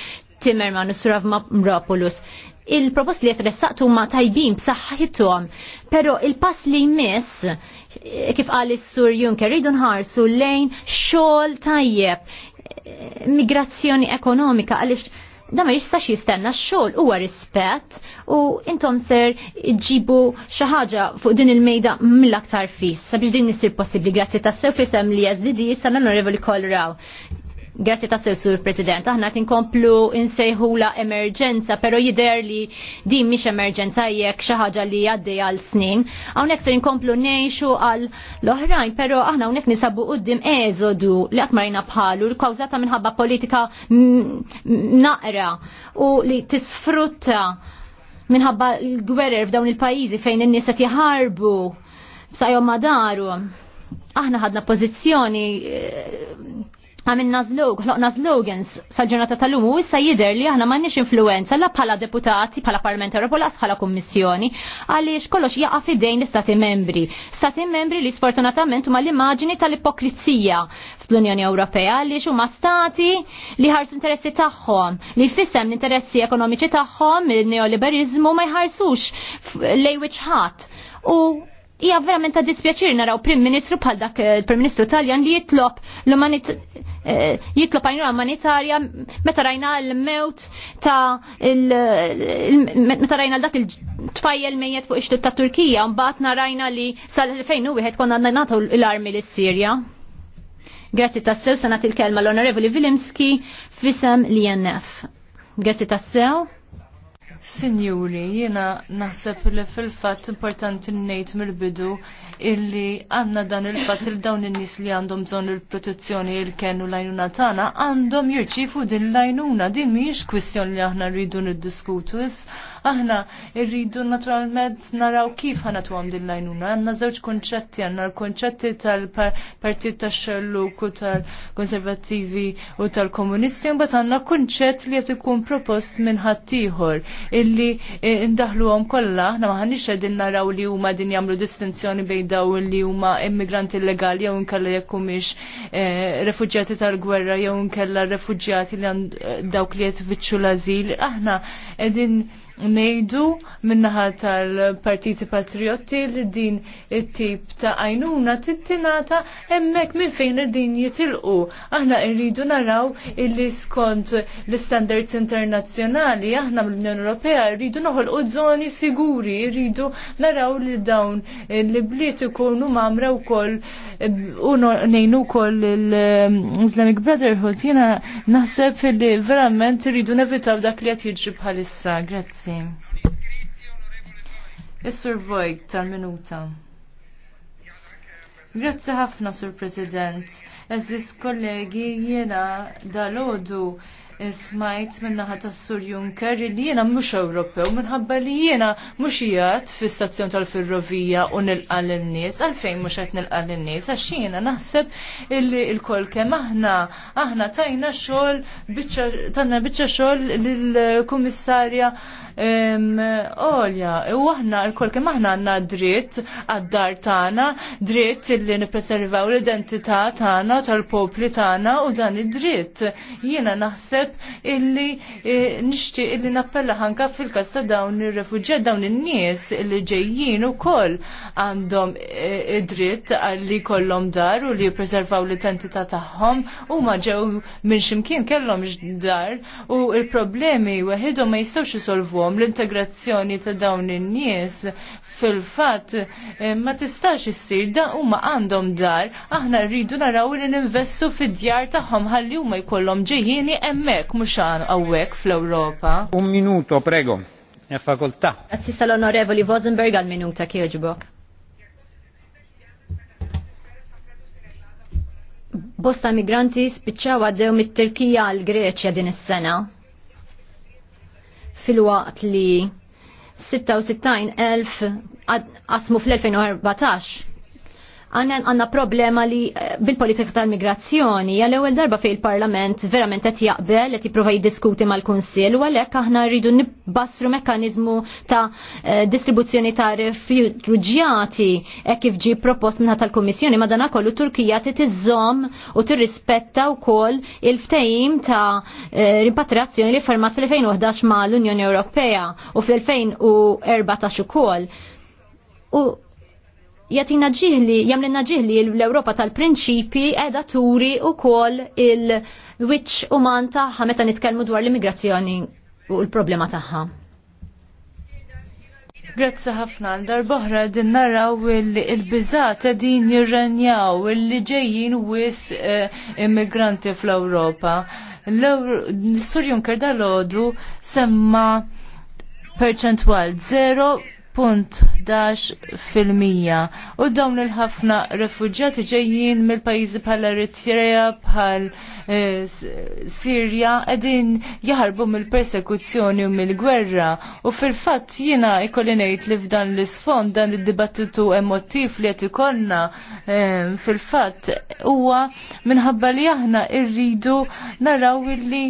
S2: Timmerman u sur Avmapropoulos il-propost li jatressaqtu ma tajbin b'saħħithom, Però il-pass li jmiss eh, kif qal is-Sur Juncker ridu nħarsu lejn xogħol tajjeb migrazzjoni ekonomika għaliex da ma jistax jistenna x-xogħol huwa rispett u intom ser ġibu xi ħaġa fuq din il-mejda mill-aktar fis sabiex din issir possibbli grazzi tas-sew fisem li jeżdidi sal-onorevoli Kolraw. Grazie ta' sur President. Aħna tinkomplu insejħula emerġenza, pero jider li din mhix emerġenza jek xi ħaġa li jaddi għal snin. Hawnhekk se inkomplu ngħixu għal l-oħrajn, pero aħna hawnhekk nisabu qudiem eżodu li għatmarina bħalu l kawżata minħabba politika naqra u li tisfrutta minħabba l-gwerer f'dawn il-pajjiżi fejn in-nies qed jaħarbu b'sajhom madaru. Aħna ħadna pożizzjoni eh, għamilna zlog, ħloqna slogans sal-ġurnata tal-lum u issa jider li aħna m'għandniex influenza la bħala deputati, bħala Parlament Ewropew la bħala Kummissjoni, għaliex kollox jaqa' fidejn l-Istati membri. Stati membri li sfortunatament huma l-immaġini tal-ipokrizija fl-Unjoni Ewropea għaliex huma stati li ħarsu interessi tagħhom, li fissem l-interessi ekonomiċi tagħhom, il-neoliberizmu ma jħarsux lejn ħadd. U Ija verament ta' dispjaċir naraw Prim Ministru bħal dak il-Prim eh, Ministru Taljan li jitlob l-umanit eh, jitlob għajnuna umanitarja meta rajna l-mewt ta' meta rajna dak il-tfajjel mejjet fuq ixtut ta' Turkija mbagħad narajna li sal-2001 konna nagħtu l-armi lis-Sirja. Grazzi tassew sew sanat il-kelma l-Onorevoli Vilimski fisem l-INF. Grazzi
S1: tas-sew. Sinjuri, jiena naħseb li fil-fat importanti n-nejt mill-bidu illi għanna dan il-fat il dawn in-nies li għandhom bżonn il-protezzjoni il kennu lajnuna tagħna għandhom jirċifu din lajnuna. Din mhijiex kwistjoni li aħna rridu niddiskutu is aħna rridu naturalment naraw kif tu għam din lajnuna. Għanna żewġ konċetti, għandna l-konċetti tal-partit tax-xelluk u tal-konservattivi u tal-komunisti, mbagħad għandna kunċett li qed ikun propost minn ħaddieħor illi indaħluhom eh, kollha aħna ma ħanniex qegħdin naraw li huma din jagħmlu distinzjoni bejn daw li huma immigranti illegali jew inkella jekk humiex eh, refugjati tal-gwerra jew inkella refugjati li eh, dawk li qed jfittxu l azil Aħna qegħdin nejdu minnaħa tal-Partiti Patriotti li din it-tip ta' għajnuna tittinata emmek minn fejn din jitilqu. Aħna irridu naraw illi skont l-standards internazzjonali, aħna mill-Unjoni Ewropea irridu noħolqu zoni siguri, irridu naraw li dawn li bliet ikunu mamra u koll u nejnu koll l-Islamic Brotherhood jena naħseb li verament irridu nevitaw dak li għat jiġri bħalissa. Grazie. Grazzi. Is-Sur Vojt tal-minuta. Grazzi ħafna, Sur President. Eżis kollegi, jena dal-ħodu smajt minnaħa tas Sur Junker, li jiena mhux Ewropew minħabba li jiena mhux jgħat fis-stazzjon tal-ferrovija u nilqa' lin-nies għalfejn mhux qed nilqa' lin-nies għax jiena naħseb illi il kol kemm aħna aħna tajna xogħol tanna bieċa xogħol lill-Kummissarja Olja, u aħna l-kol kemm aħna għandna dritt għad-dar tagħna, dritt illi nippreservaw l-identità tagħna tal-popli tagħna u dan id-dritt. Jiena naħseb naħseb illi eh, nixtieq illi nappella ħanka fil-każ ta' dawn ir-refuġġjat dawn in-nies illi ġejjin ukoll għandhom eh, id-dritt għalli kollom dar u li preservaw l-identità tagħhom huma ġew minn ximkien kellhom dar u l-problemi weħidhom ma jistgħux isolvuhom l-integrazzjoni ta' dawn in-nies fil-fatt eh, ma tistax issir da huma għandhom dar aħna rridu naraw li ninvestu fid-djar tagħhom ħalli huma jkollhom ġejjieni hemmhekk mhux hawnhekk fl-Ewropa.
S2: Un minuto, prego. Ja fakultà.
S1: Grazzi sal-Onorevoli Vosenberg għal minuta kieġbok.
S2: Bosta migranti spiċċaw għaddew mit-Turkija għal Greċja din is-sena. Fil-waqt li 66,000 qasmu fl-2014 għanna għanna problema li eh, bil-politika tal-migrazzjoni, għal ewwel darba fej il-parlament verament qed jaqbel qed jipprova jiddiskuti mal-Kunsill u għalhekk aħna rridu nibbassru mekkaniżmu ta' eh, distribuzzjoni ta' rifuġjati hekk kif ġi propost minħa tal-Kummissjoni kollu Turkija titiżżomm u tirrispetta wkoll il-ftehim ta' eh, rimpatriazzjoni li fermat fil-2011 mal-Unjoni Ewropea u fil 2014 ukoll. U jatina ġihli, jamlina ġihli l-Europa tal-prinċipi edha turi u kol il-witch uman taħħa meta nitkelmu dwar l-immigrazzjoni u l-problema taħħa.
S1: Grazzi ħafna boħra din naraw il-bizat din jirrenjaw il-li ġejjin wis eh, immigranti fl-Europa. L-Sur Junker dal semma perċentwal 0.11% u dawn il-ħafna refugġati ġejjin mill-pajjiżi bħal Eritrea bħal eh, Sirja qegħdin jaħarbu mill-persekuzzjoni u mill-gwerra u fil-fatt jiena ikolli ngħid li f'dan l-isfond dan id-dibattitu emotif li qed ikollna eh, fil-fatt huwa minħabba li aħna rridu naraw illi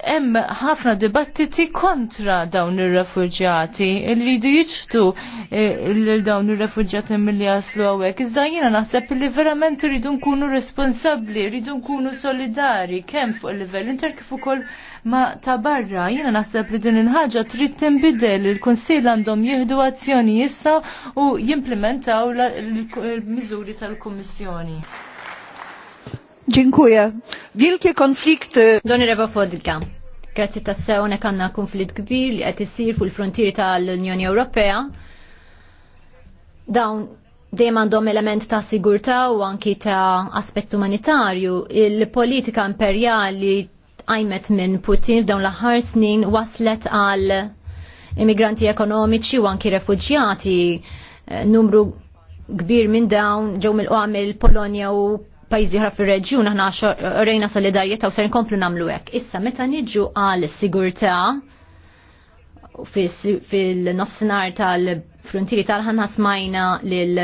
S1: hemm ħafna dibattiti kontra dawn ir-refuġjati li jridu jiġtu eh, lil dawn ir-refuġjati milli jaslu hawnhekk. Iżda jiena naħseb li verament irridu nkunu responsabbli, rridu nkunu solidari kemm fuq il-livell inter kif ukoll ma ta' barra. Jiena naħseb li din il-ħaġa trid tinbidel il-Kunsill għandhom jieħdu azzjoni issa u jimplementaw l miżuri tal-Kummissjoni.
S2: Dziękuję. Wielkie konflikty. Donoreva Fodka. Grazzi ta' sewnek għanna konflitt kbir li qed fu fuq il-frontieri tal-Unjoni Ewropea. Dawn dejjem għandhom element ta' sigurtà u anki ta' aspett umanitarju. Il-politika imperjali għajmet minn Putin f'dawn l-aħħar snin waslet għal immigranti ekonomiċi u anki refuġjati eh, numru kbir minn dawn ġew mill-qgħam il-Polonja u pajjiżi ħra fir-reġjun aħna rejna solidarjetà u ser nkomplu nagħmlu hekk. Issa meta niġu għal sigurtà fil-nofsinhar tal fruntieri tal-ħanna smajna lill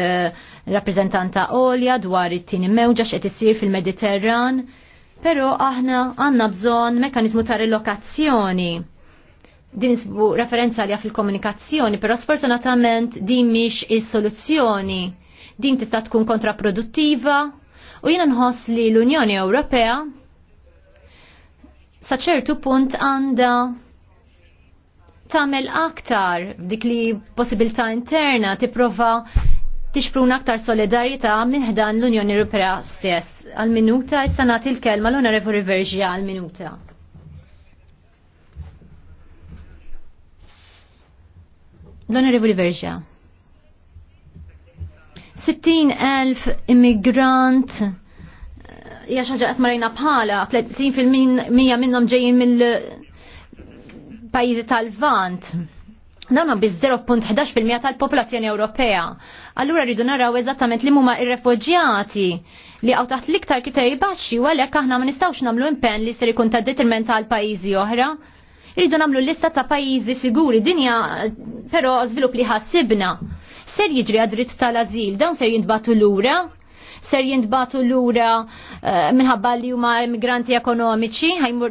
S2: rappreżentanta Olja dwar it-tieni mewġa x'qed isir fil-Mediterran, però aħna għandna bżonn mekkaniżmu ta' relokazzjoni din isbu referenza li fil-komunikazzjoni, però sfortunatament din mhix is-soluzzjoni. Din tista' tkun kontraproduttiva, U jiena nħoss li l-Unjoni Ewropea sa ċertu punt għandha tagħmel aktar dik li possibilità interna tipprova tixprun aktar solidarita minn l-Unjoni Ewropea stess. Għal-minuta issa nagħti l-kelma l-Onorevoli Verġija għal-minuta. L-Onorevoli 60.000 immigrant eh, hija ħaġa qed marajna bħala 30% minnhom ġejjin mill pajjiżi tal-Vant. Dawn biz 0.11% tal-popolazzjoni Ewropea. Allura rridu naraw eżattament li huma ir-refuġjati li għaw taħt l-iktar kriterji baxxi u għalhekk aħna ma nistgħux nagħmlu impenn li ser ikun ta' detriment għal pajjiżi oħra. Irridu nagħmlu lista ta' pajjiżi siguri dinja eh, però żvilupp li ħassibna ser jiġri għadritt tal-azil, dawn ser jintbatu lura, ser jintbatu lura uh, minħabba li huma immigranti ekonomiċi,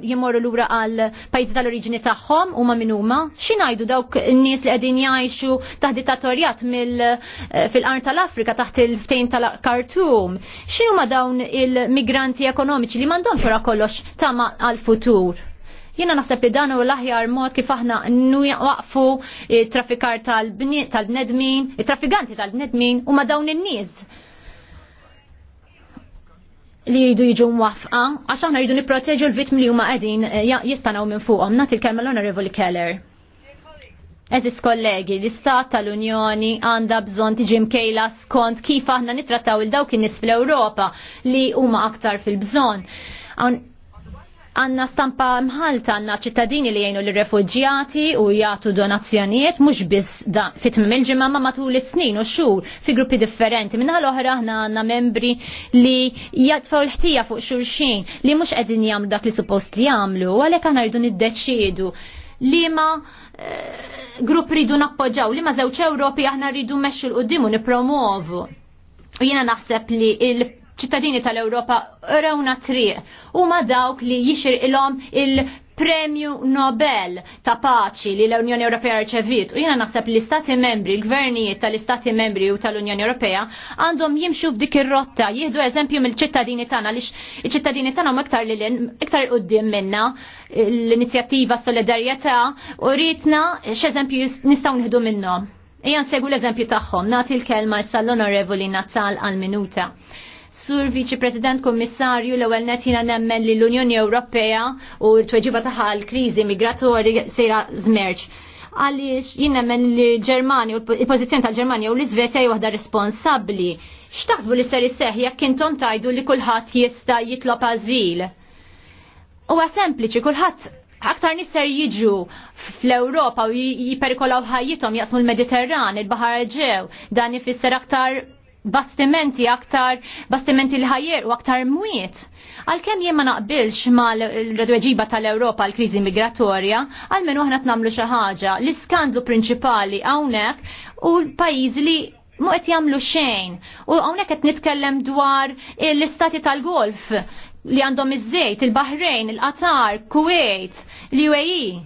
S2: jimorru lura għal pajjiżi tal-oriġini tagħhom huma min huma. X'ingħidu dawk n nies li qegħdin jgħixu taħt dittatorjat eh, fil-qarn tal-Afrika taħt il-ftejn tal-Kartum. X'inhuma dawn il-migranti ekonomiċi li m'għandhomx wara kollox tama għal-futur? Jiena naħseb li dan l-aħjar mod kif aħna nwaqfu traffikar tal-bnedmin, traffikanti tal-bnedmin huma dawn in-nies li jridu jiġu mwafqa, għax aħna jridu niproteġu l-vitm li huma qegħdin eh, jistanaw minn fuqhom. Nagħti l-kelma l-Onorevoli Keller. Eżis kollegi, l-Istat tal-Unjoni għandha bżonn tiġi mkejla skont kif aħna nitrattaw il dawk in-nies fl-Ewropa li huma aktar fil-bżonn għanna stampa mħalta għanna ċittadini li jgħinu l-refugġjati u jgħatu donazzjonijiet mux biss da fitmim il-ġimma ma matul is-snin u xhur fi gruppi differenti. Minna l-oħra ħna għanna membri li jgħatfaw l-ħtija fuq xurxin li mux qegħdin jagħmlu dak li suppost li jagħmlu għalhekk aħna rridu niddeċidu li ma eh, grupp rridu nappoġġaw, li ma żewġ Ewropi aħna rridu meċxu l qoddimu u nipromovu. U jiena naħseb li il- ċittadini tal-Ewropa rawna triq. Huma dawk li jixir ilhom il premju Nobel ta' paċi li l-Unjoni Ewropea rċevit u jiena naħseb li stati membri, l-gvernijiet tal-istati membri u tal-Unjoni Ewropea għandhom jimxu f'dik ir-rotta, jieħdu eżempju mill-ċittadini tagħna għaliex iċ-ċittadini tagħna huma iktar lilin iktar qudiem minna l-inizjattiva solidarjetà u ritna x'eżempju nistgħu nieħdu minnhom. Ejja nsegu l-eżempju tagħhom, nagħti l-kelma issa l-Onorevoli Nazzal għal-minuta. Sur Viċi President Kommissarju l ewwel net nemmen li l-Unjoni Ewropea u t-tweġiba taħħa l-krizi migratorji sejra zmerċ. Għaliex jien nemmen li Ġermani u l pozizjon tal-Ġermanja u l-Iżvezja waħda responsabbli. X'taħsbu li ser isseħ jekk intom tajdu li kulħadd jista' jitlob ażil. Huwa sempliċi kulħadd aktar nisser jiġu fl-Ewropa u jiperikolaw ħajjithom jaqsmu l-Mediterran, il-Bahar Ġew, dan ifisser aktar bastimenti aktar, bastimenti l-ħajer u aktar mwiet. Għal-kem jien ma naqbilx ma l-redweġiba tal-Europa l-krizi migratorja, għal-menu ħna t-namlu xaħġa, l-iskandlu principali għawnek u l-pajiz li muqet jamlu jagħmlu xejn. U hawnhekk qed nitkellem dwar l-istati tal-Golf li għandhom iż-żejt, il bahrejn il-Qatar, Kuwait, l-UAE.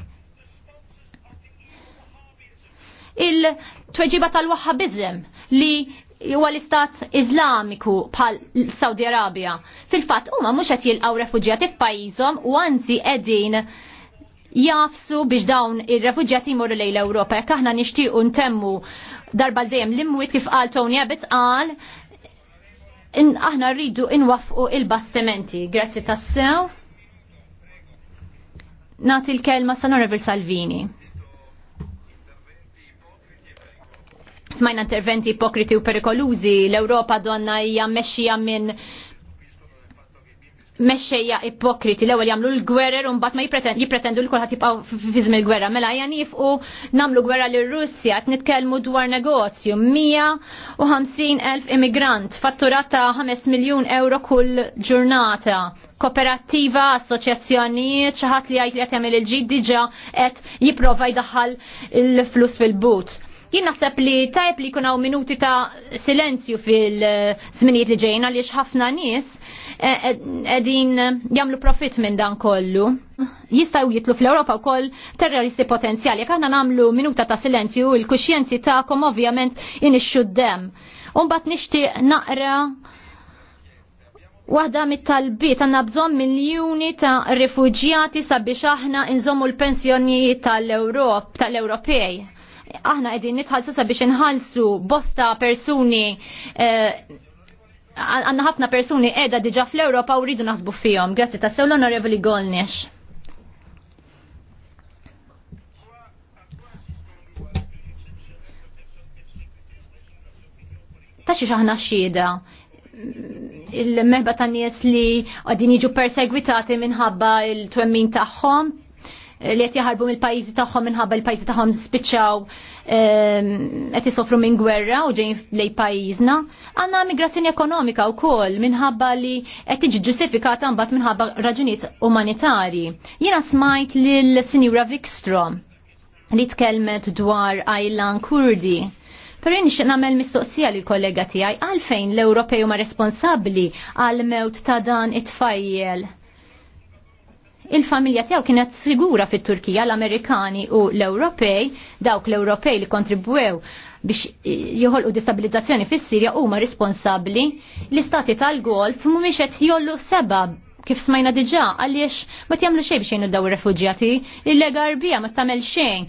S2: Il-tweġiba tal-Wahhabizm li huwa l-istat Iżlamiku bħal Saudi Arabia. Fil-fatt huma mhux qed jilqgħu refuġjati f'pajjiżhom u anzi qegħdin jafsu biex dawn ir-refuġjati jmorru lejn l-Ewropa. Jekk aħna nixtiequ ntemmu darba dejjem l-imwiet kif qal Tony Abbott qal aħna rridu inwafqu il-bastimenti. Grazzi tassew. Nati l-kelma San Salvini. Smajna interventi ipokriti u perikolużi, l-Europa donna hija mexxija minn mexxejja ipokriti l-ewwel jagħmlu l-gwerer u mbagħad ma jippretendu l kulħadd jibqgħu fiżm il-gwerra. Mela hija nifqu nagħmlu gwerra lir russja qed nitkellmu dwar negozju 150,000 immigrant, fatturat ta' 5 miljun euro kull ġurnata kooperattiva, assoċjazzjonijiet, xi ħadd li jgħid li qed jagħmel il-ġid diġà qed jipprova jdaħħal il-flus fil-but Jien naħseb li tajb li jkun hawn minuti ta' silenzju fil-żminijiet li ġejna għaliex ħafna nies qegħdin e, jagħmlu profitt minn dan kollu. Jistgħu jitlu fl-Ewropa wkoll terroristi potenzjali. Jekk aħna nagħmlu minuta ta' silenzju, il-kuxjenzi tagħkom ovvjament inixxu d-dem. Umbat nixtieq naqra Waħda mit-talbiet għandna bżonn miljuni ta' rifuġjati sabiex aħna inżommu l-pensjonijiet tal-Ewrop, tal-Ewropej aħna qegħdin nitħallsu sabiex inħallsu bosta persuni eh, għanna ħafna persuni edha diġa fl-Europa u rridu naħsbu fihom. Grazie ta' sew l-Onorevoli Golnish. Ta' xiex aħna xhieda il-mehba ta' nies li għadin jiġu persegwitati minħabba il-twemmin tagħhom li qed jaħarbu mill-pajjiżi tagħhom minħabba l-pajjiżi tagħhom spiċċaw ehm, qed isofru minn gwerra u ġejjin lej pajjiżna, għandna migrazzjoni ekonomika wkoll minħabba li qed tiġi ġustifikata mbagħad minħabba raġunijiet umanitarji. Jiena smajt lill Sinjura Vikstrom li tkellmet dwar Ajlan Kurdi. Per inix namel mistoqsija li kollega tijaj għalfejn l-Ewropej huma responsabbli għal mewt ta' dan it-tfajjel il-familja tiegħu kienet sigura fit-Turkija l-Amerikani u l-Ewropej, dawk l-Ewropej li kontribwew biex joħolqu destabilizzazzjoni fis-Sirja huma responsabbli l-istati tal-Golf mhumiex qed jollu seba kif smajna diġà għaliex ma tjamlu xejn biex jgħinu daw ir-refuġjati, il-lega bija ma tagħmel xejn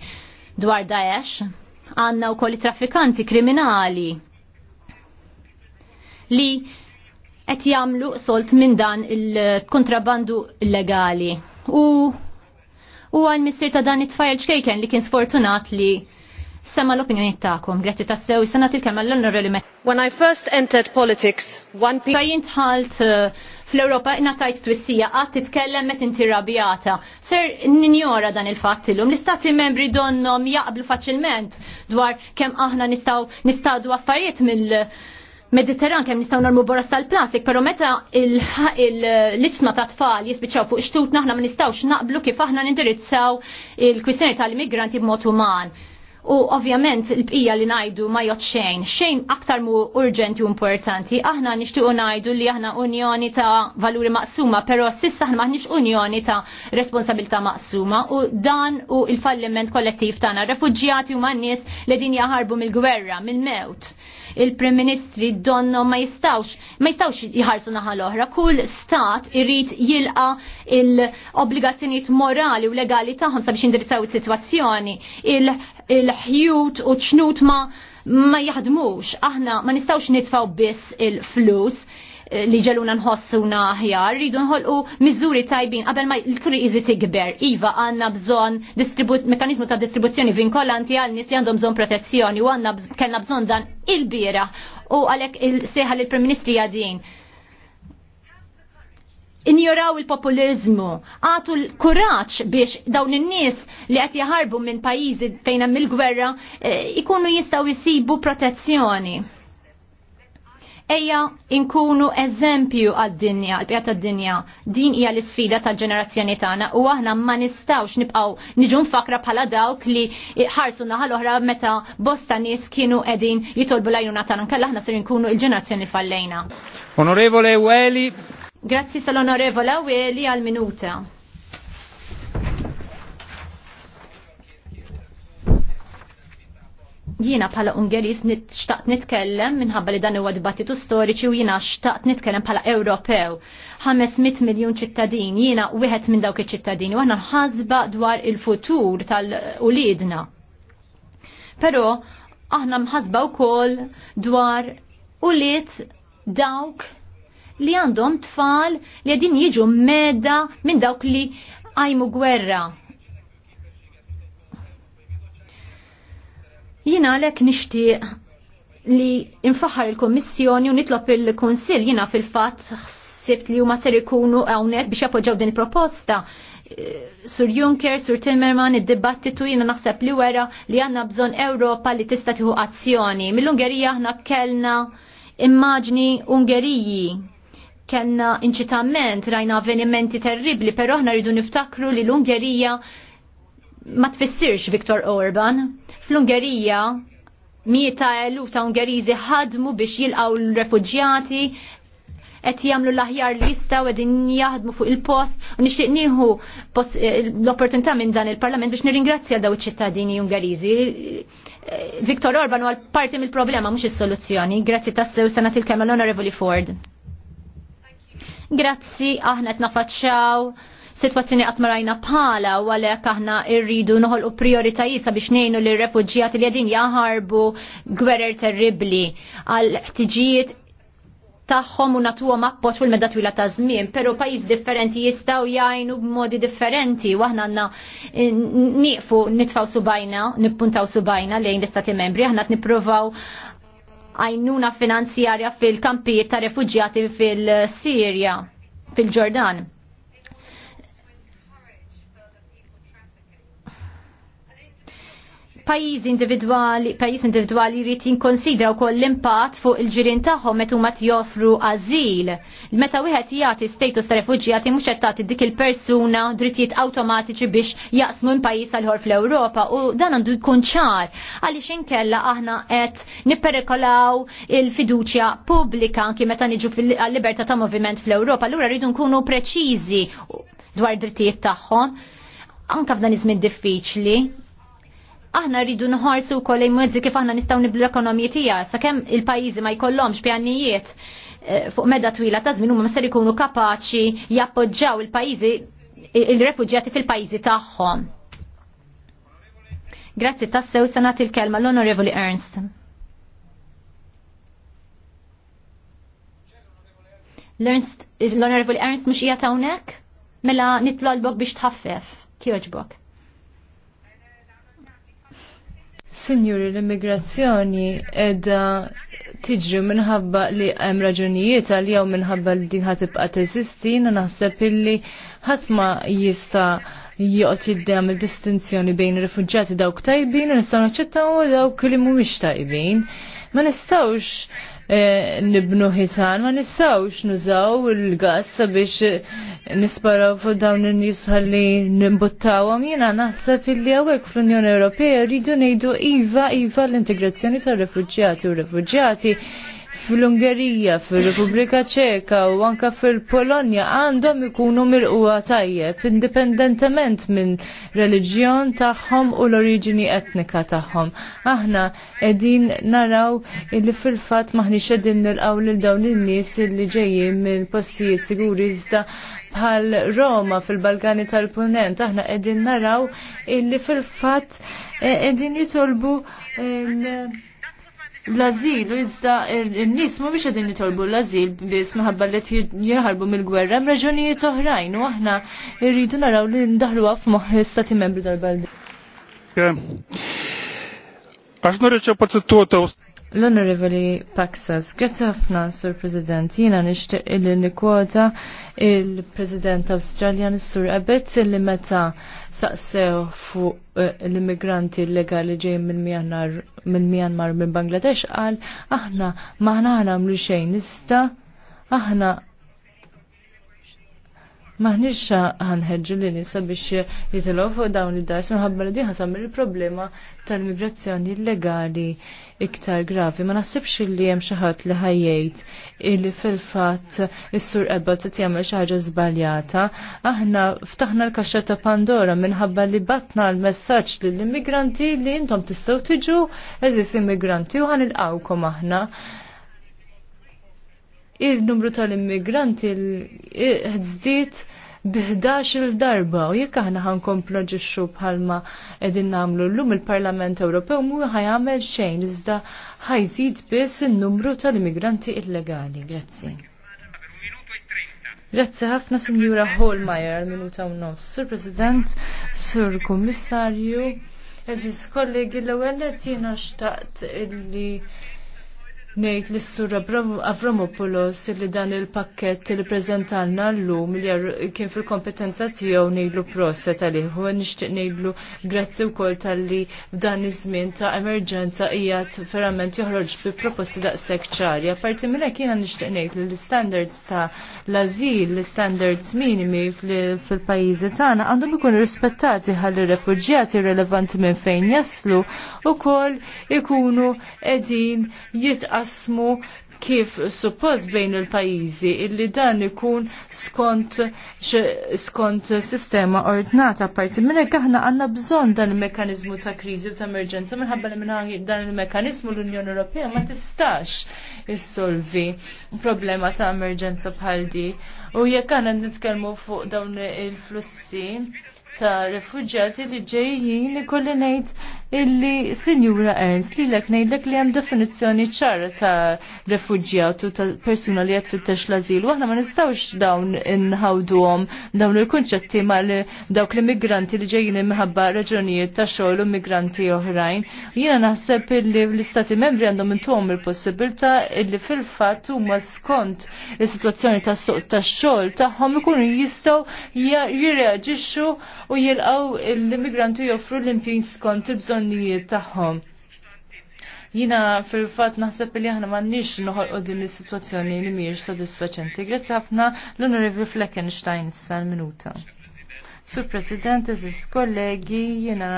S2: dwar Daesh għandna wkoll traffikanti kriminali li qed jagħmlu solt minn dan il-kontrabandu illegali. U u għal missir ta' dan it-tfajl xkejken li kien sfortunat li sema l-opinjoni ta'kom. Grazzi ta' sew, sena til kelma l-onorevoli When I first entered politics, one people... Kajint ħalt eh, fl-Europa tajt twissija għat titkellem met inti rabijata. Ser ninjora dan il-fat illum, l-istati membri donnom jaqblu faċilment dwar kem aħna nistaw nistadu affarijiet mill- Mediterran kemm nistaw normu boras tal-plastik, però meta l-liċna ta' tfal jispiċċaw fuq xtut naħna ma nistgħux naqblu kif aħna nindirizzaw il-kwissjoni tal-immigranti b'mod uman. U ovvjament l-bqija li ngħidu ma jot xejn, xejn aktar mu urġenti u importanti. Aħna nixtiequ ngħidu li aħna unjoni ta' valuri maqsuma, però sissa aħna maħniex unjoni ta' responsabilità maqsuma u dan u il-falliment kollettiv tagħna. Refuġjati u nies li din jaħarbu mill-gwerra, mill-mewt il-Prim Ministri donno ma jistawx, ma jistawx jħarsu naħa l-oħra. Kull stat irrit jilqa il-obbligazzjoniet morali u legali taħħom sabiex indirizzaw il-situazzjoni. Il-ħjut u ċnut ma ma jaħdmux, aħna ma nistawx nitfaw biss il-flus, li ġeluna nħossuna aħjar, rridu nħolqu miżuri tajbin qabel ma l-kriżi tikber. Iva għandna bżonn mekanizmu ta' distribuzzjoni vinkolanti għal nies li għandhom bżonn protezzjoni u għandna kellna bżonn dan il-bira u għalhekk il-seħa lill prim Ministri għadin injoraw il-populizmu, għatu l-kuraċ biex dawn in-nies li qed jaħarbu minn pajjiżi fejn hemm il-gwerra eh, ikunu jistgħu jisibu protezzjoni. Ejja inkunu eżempju għad-dinja, għal pjata d-dinja. Din hija l-isfida tal-ġenerazzjoni tagħna u aħna ma nistgħux nibqgħu niġu nfakra bħala dawk li ħarsu naħal oħra meta bosta nies kienu qegħdin jitolbu lajnuna tagħna nkella aħna ser inkunu l-ġenerazzjoni fallejna.
S1: Onorevole Weli.
S2: Grazzi sal-onorevole Weli għal-minuta. Jiena bħala Ungeris xtaqt nitkellem minħabba li dan huwa dibattitu storiċi u jiena xtaqt nitkellem bħala Ewropew. 500 miljun ċittadin, jiena wieħed minn dawk iċ-ċittadini u aħna nħasba dwar il-futur tal-ulidna. Però aħna mħasba wkoll dwar ulid dawk li għandhom tfal li għedin jiġu medda minn dawk li għajmu gwerra Jina għalek nishtiq li infaħar il-Komissjoni u nitlob il-Konsil jina fil-fat ħsibt li huma ser ikunu hawnhekk biex jappoġġaw din il-proposta. Sur Juncker, Sur Timmerman, id-dibattitu jina naħseb li wera li għanna bżon Ewropa li tista' tieħu azzjoni. Mill-Ungerija aħna kellna immaġni Ungeriji kellna inċitament rajna avvenimenti terribli, però aħna rridu niftakru li l-Ungerija ma tfissirx Viktor Orban. Fl-Ungerija mieta eluf ta' Ungeriżi ħadmu biex jilqaw l refugjati qed jagħmlu l-aħjar li jistgħu qegħdin jaħdmu fuq il-post u nixtieq nieħu eh, l-opportunità minn dan il-Parlament biex nirringrazzja daw iċ-ċittadini Ungeriżi. Viktor Orban huwa parti mill-problema mhux is-soluzzjoni. Grazzi tassew s'ena nagħti l-Onorevoli Ford. Grazzi aħna qed nafaċċaw situazzjoni qatt pala bħala u għalhekk aħna rridu noħolqu prioritajiet sabiex ngħinu li refugġijat li għedin jaħarbu gwerer terribli għal ħtiġijiet tagħhom u għom appoġġ fil-medda twila ta' żmien, pero pajjiż differenti jistgħu jajnu b'modi differenti u aħna għandna eh, nieqfu nitfgħu subajna, nippuntaw subajna lejn l-istati membri, aħna qed nippruvaw għajnuna finanzjarja fil-kampijiet ta' refuġjati fil-Sirja, fil-Ġordan. Pajjiżi individwali, pajjiż individwali jrid jinkonsidra wkoll l-impatt fuq il-ġirien tagħhom meta huma joffru ażil. Meta wieħed jagħti status ta' refuġjati mhux qed tagħti dik il-persuna drittijiet awtomatiċi biex jaqsmu minn pajjiż għal fl-Ewropa u dan għandu jkun ċar għaliex inkella aħna qed nipperikolaw il-fiduċja pubblika anki meta niġu fil-libertà ta' moviment fl-Ewropa. Allura rridu nkunu preċiżi dwar drittijiet tagħhom anka f'dan iż-żmien diffiċli aħna rridu nħarsu wkoll lejn mwedzi kif aħna nistgħu niblu l-ekonomija sa' sakemm il-pajjiżi ma jkollhomx pjanijiet eh, fuq medda twila ta' żmien huma ma ser ikunu kapaċi jappoġġaw il-pajjiżi il-refuġjati fil-pajjiżi tagħhom. Grazzi tassew sanat il-kelma l-Onorevoli Ernst. L-Onorevoli Ernst mux jgħat
S1: hawnhekk? Mela nitlolbok biex tħaffef. Kjoġbok. Sinjuri, l-immigrazzjoni edha tiġri minħabba li hemm raġunijiet għal jaw minħabba li din ħatibqa' teżisti, naħseb illi ħadd ma jista' joqgħod jiddem il-distinzjoni bejn rifugġati dawk tajbin u nistgħu naċċettaw dawk li mhumiex tajbin. Ma nistgħux Eh, nibnu ħitan, ma nistawx nużaw il-gas sabiex eh, nisparaw fuq dawn in-nies ħalli nimbuttawhom. Jiena naħseb illi hawnhekk fl-Unjoni Ewropea rridu ngħidu iva iva l-integrazzjoni tar-refuġjati u refuġjati fil-Ungerija, fil-Repubblika Ċeka u anka fil-Polonja għandhom ikunu mirquwa tajjeb, indipendentement minn reliġjon tagħhom u l-oriġini etnika tagħhom. Aħna qegħdin naraw illi fil-fatt maħniex qegħdin nilqgħu lil dawn in-nies li ġejjin minn postijiet siguri iżda bħal Roma fil-Balkani tal-Punent, aħna qegħdin naraw illi fil-fatt eh, qegħdin jitolbu il eh, l-azil, iżda n-nis ma biex għedin tolbu l-azil biex maħabba li jirħarbu mill-gwerra mraġunijiet oħrajn u aħna irridu naraw li ndaħlu għaf moħ stati membri tal-baldi. Għax nurriċa pazzettuota L-Onorevoli Paxas, grazie ħafna, Sur President, jina nishtiq illi nikwota il-President Australian Sur Abbott illi meta saqsew fuq eh, l-immigranti illegali ġejn mill-Myanmar minn Bangladesh qal aħna maħna għana mlu xejn nista aħna maħniċ ħanħedġu li nisa biex jitilgħu fuq dawn id-dars minħabba li din ħatamil il-problema tal-migrazzjoni illegali iktar gravi. Ma naħsibx li hemm xi ħadd li ħajjajt illi fil-fatt is-sur ebba t jagħmel xi ħaġa żbaljata. Aħna ftaħna l-kaxxa ta' Pandora minħabba li batna l-messaġġ lill-immigranti li intom tistgħu tiġu eżis immigranti u ħanilqawkom aħna il-numru tal-immigranti ħdżdiet bi 11 darba u jekk aħna ħankomplu ġixxu bħalma qegħdin nagħmlu llum il-Parlament Ewropew mu ħajamel xejn iżda ħajżid biss in-numru tal-immigranti illegali. Grazzi. Grazzi ħafna Sinjura Holmeyer minuta u nofs. Sur President, Sur Kummissarju, eżis kollegi l-ewwel qed jiena xtaqt illi Nejt li s-sur Avramopoulos li dan il-pakket li prezentanna l-lum li kien fil-kompetenza tijaw nejlu proset għalihu, nishtiq nejlu grazzi u kol tal-li f'dan iż-żmien ta' emerġenza ijat verament joħroġ bi proposti da' sekċarja. Parti minna kiena nishtiq nejt li l-standards ta' l-azil, l-standards minimi fil-pajizi tana għandhom bikun rispettati għalli refugjati relevanti minn fejn jaslu u kol ikunu edin jitqa jasmu kif suppost bejn il-pajizi illi dan ikun skont skont sistema ordnata parti minn hekk aħna għandna bżonn dan il-mekkaniżmu ta' kriżi u ta' emerġenza minħabba li minn dan il-mekkaniżmu l-Unjoni Ewropea ma tistax issolvi problema ta' emerġenza bħal di. U jekk aħna nitkellmu fuq dawn il-flussi ta' refugjati li ġejjin ikolli ngħid illi Sinjura Ernst li lek ngħidlek li hemm definizzjoni ċara ta' refuġjat u ta' persuna li qed tex l-azil. Waħna ma nistawx dawn inħawduhom dawn il-kunċetti ma li dawk l-immigranti li ġejjin imħabba raġunijiet ta' xogħol u migranti oħrajn. Jiena naħseb illi l-istati membri għandhom għom il-possibilità illi fil-fatt huma skont is-sitwazzjoni tas suq tax-xogħol tagħhom ikunu jistgħu jirreaġixxu u jilqgħu l-immigranti joffru l impin skont il bżon il-bżonnijiet tagħhom. Jina fil-fat naħseb li aħna m'għandniex noħolqu din is-sitwazzjoni li mhijiex sodisfaċenti. Grazzi ħafna l-Onorevoli Fleckenstein issa minuta. Sur President, eżis kollegi, jina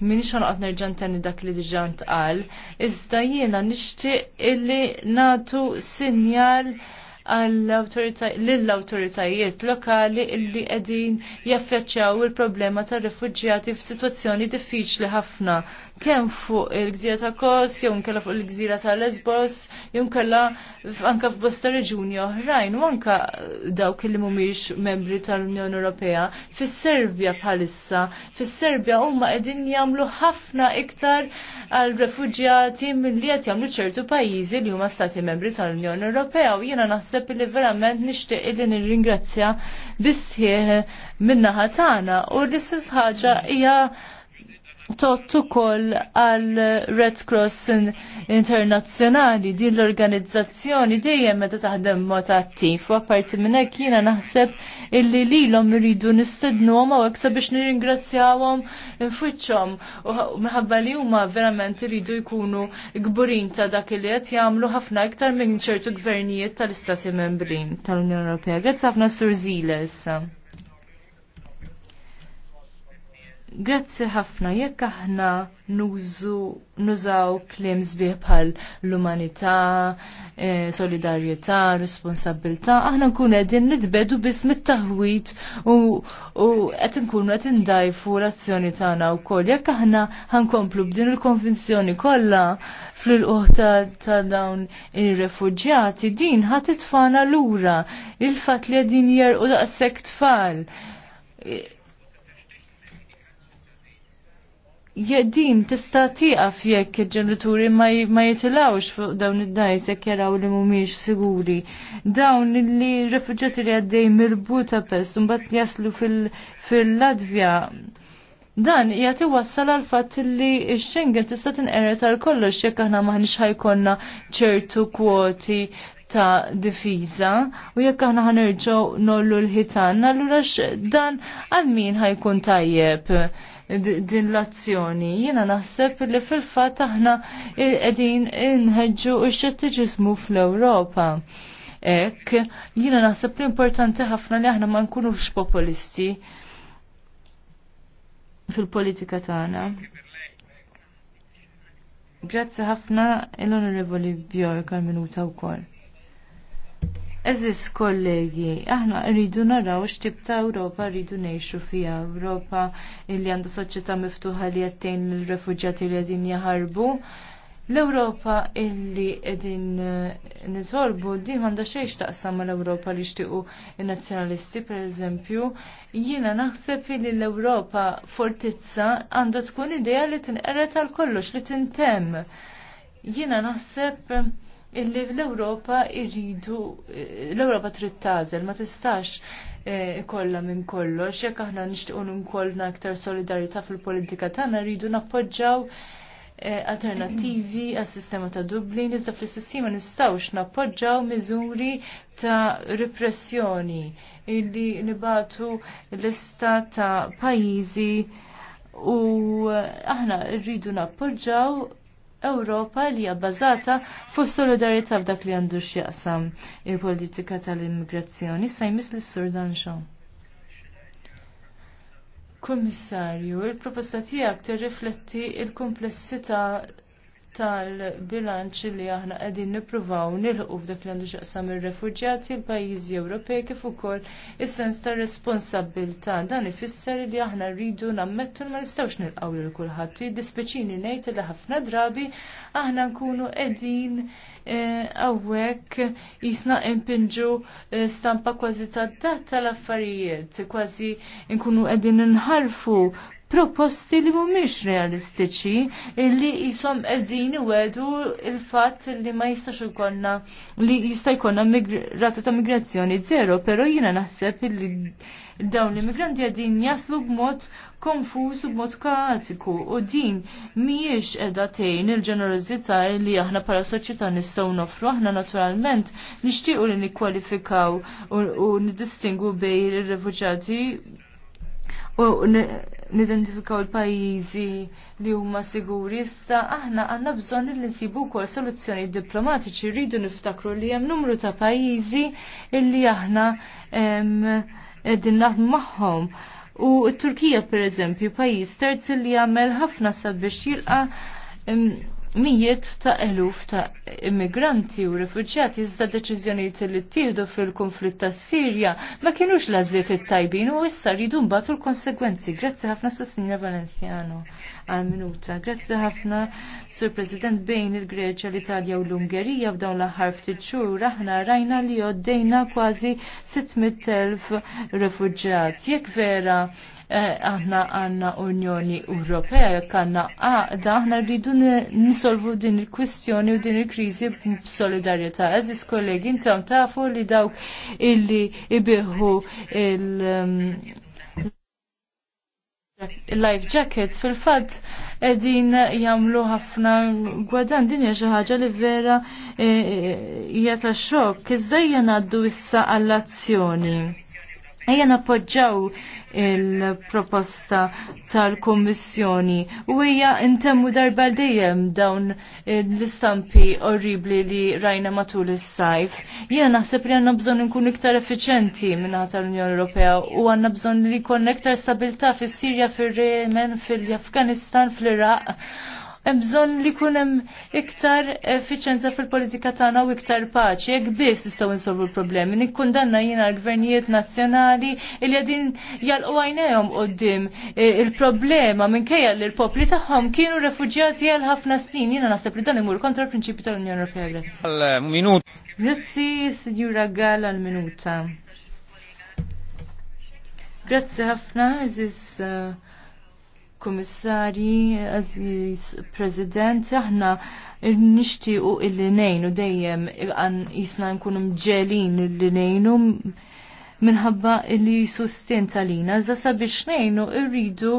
S1: minix ħanqat nerġan tani dak li diġan tqal, iżda jiena nixtieq illi natu sinjal lill-awtoritajiet lokali illi qegħdin jaffeċċjaw il-problema tar refugġjati f'sitwazzjoni diffiċli ħafna kemm fuq il-gżira ta' Kos, jew nkella fuq il-gżira ta' Lesbos, jew nkella anka f'bosta reġuni oħrajn, u anka dawk li mhumiex membri tal-Unjoni Ewropea. Fis-Serbja bħalissa, fis-Serbja huma qegħdin jagħmlu ħafna iktar għal refuġjati milli qed jagħmlu ċertu pajjiżi li huma stati membri tal-Unjoni Ewropea u jiena naħseb li verament nixtieq li nirringrazzja bisħieħ min-naħa tagħna u l-istess ħaġa hija tot ukoll għal Red Cross Internazzjonali din l-organizzazzjoni dejjem meta taħdem mod attiv u apparti minn hekk jiena naħseb illi lilhom iridu nistednuhom hawnhekk sabiex nirringrazzjawhom fwiċċhom u minħabba li huma verament iridu jkunu gburin ta' dak li qed jagħmlu ħafna iktar minn ċertu gvernijiet tal-Istati Membri tal-Unjoni Ewropea. Grazzi ħafna Sur Grazzi ħafna jekk aħna nużu nużaw kliem sbieħ bħal l-umanità, eh, solidarjetà, responsabilità, aħna nkun qegħdin nitbedu biss mit-taħwit u qed nkunu qed indajfu l-azzjoni tagħna wkoll. Jekk aħna ħankomplu b'din il-konvinzjoni kollha fl-qoħ ta' dawn ir-refuġjati din ħadd tfana lura il-fatt li qegħdin jerqu daqshekk tfal din tista' tieqaf jekk il-ġenituri ma jitilawx fuq dawn id-dajs jekk jaraw li mhumiex siguri. Dawn li refuġjati li għaddej mill-Budapest u mbagħad jaslu fil-Latvja Dan jgħati wassal għal fatt li Schengen tista' tinqeret għal kollox jekk aħna maħniex ħajkonna ċertu kwoti ta' difiża u jekk aħna ħanerġgħu nollu l-ħitan, allura dan għal min ħajkun tajjeb din l-azzjoni. Jiena naħseb li fil-fatt aħna qegħdin inħedġu x-xettiġismu fl-Ewropa. Ek, jiena naħseb li importanti ħafna li aħna ma nkunux populisti fil-politika tagħna. Grazzi ħafna l-Onorevoli Bjork għal-minuta wkoll. Eżis kollegi, aħna rridu naraw x'tib ta' Ewropa rridu ngħixu fiha Ewropa illi għandha soċjetà miftuħa li jattejn il-refuġjati li qegħdin jaħarbu. L-Ewropa illi qegħdin eh, nitolbu din m'għandha xejn x'taqsam mal-Ewropa li xtiequ in-nazzjonalisti pereżempju. Jiena naħseb li l-Ewropa fortizza għandha tkun idea li tinqeret għal kollox li tintemm. Jiena naħseb illi l-Ewropa irridu l-Ewropa trid tażel ma tistax eh, ikolla minn kollox jekk aħna nixtiequ nkollna aktar solidarità fil-politika tagħna rridu nappoġġaw eh, alternativi għas sistema ta' Dublin iżda fl-istess ma nistgħux nappoġġaw miżuri ta' repressjoni illi nibatu l-ista ta' pajjiżi u eh, aħna rridu nappoġġaw Ewropa li hija bbażata fuq solidarità f'dak li għandu x'jaqsam il-politika tal-immigrazzjoni sa jmiss lis sur Danxon. Kummissarju, il-proposta tiegħek tirrifletti il-komplessità tal-bilanċ li aħna qegħdin nippruvaw nilħu f'dak li għandu xaqsam ir-refuġjati l-pajjiżi Ewropej kif ukoll is-sens ta' responsabilità. Dan ifisser li aħna rridu nammettu ma nistgħux nilqgħu lil kulħadd. Jiddispiċini ngħid li ħafna drabi aħna nkunu qegħdin eh, hawnhekk jisna impinġu eh, stampa kważi tad-dat tal-affarijiet, kważi nkunu qegħdin nħarfu proposti li mhumiex realistiċi illi jisom qegħdin wedu il-fatt li ma jistax ikollna li jista' jkollna rata ta' migrazzjoni zero, però jiena naħseb illi dawn l-immigranti għedin jaslu b'mod konfus u b'mod kaatiku u din miex edha tejn il-ġenerozita li aħna para soċjetà nistgħu nofru aħna naturalment nixtiequ li nikkwalifikaw u nidistingu bej ir-refuġjati u nidentifikaw il-pajizi li huma siguri, issa aħna għanna bżon li nsibu kol soluzzjoni diplomatiċi, rridu niftakru li hemm numru ta' pajizi illi aħna din naħdmu magħhom. U t-Turkija per eżempju, pajjiż terzi li jagħmel ħafna sabiex jilqa' mijiet ta' eluf ta' immigranti u rifuġjati iżda deċiżjonijiet li ttieħdu fil-konflitt ta' Sirja ma kienux lażliet it-tajbin u issa rridu mbagħtu l-konsegwenzi. Grazzi ħafna sa' Sinjora Valenziano għal minuta. Grazzi ħafna sur President bejn il-Greċja, l-Italja u l-Ungerija f'dawn l-aħħar ftit xhur aħna rajna li għoddejna kważi 600,000 rifuġjat. Jekk vera Eh, aħna għanna Unjoni Ewropea, jekk għanna għaqda, aħna rridu nisolvu din il-kwistjoni u din il-krizi b'solidarjetà. Eżis kollegi, intom tafu li dawk illi ibiħu il- um, life jackets fil-fat edin jamlu ħafna gwadan din xi ħaġa li vera eh, eh, hija ta' xokk jena jien għaddu issa għall-azzjoni. Ejja nappoġġaw il-proposta tal-Kommissjoni. U hija intemmu darba dejjem dawn l-istampi orribli li rajna matul is-sajf. Jiena naħseb li għandna bżonn nkun iktar effiċenti minn tal-Unjoni Ewropea u għandna bżonn li jkollna iktar stabilità fis-Sirja, fir-Yemen, fil-Afganistan, fl-Iraq hemm bżonn li jkun hemm iktar effiċenza fil-politika tagħna u iktar paċi. Jekk biss nistgħu insolvu l-problemi, nikkundanna jiena l-gvernijiet nazzjonali li qegħdin jalqu għajnejhom quddiem e, il-problema minkejja li l-popli tagħhom kienu refuġjati għal ħafna snin. Jiena naħseb li dan imur kontra l-prinċipju tal-Unjoni Ewropea.
S2: Eh, minut.
S1: Grazzi, Signora Gala, l minuta. Grazzi ħafna, eżis. Uh, Kummissari, Aziz President, aħna u il nejnu dejjem għan jisna nkunu mġelin il nejnu minħabba illi sustin talina. Zasa biex nejnu irridu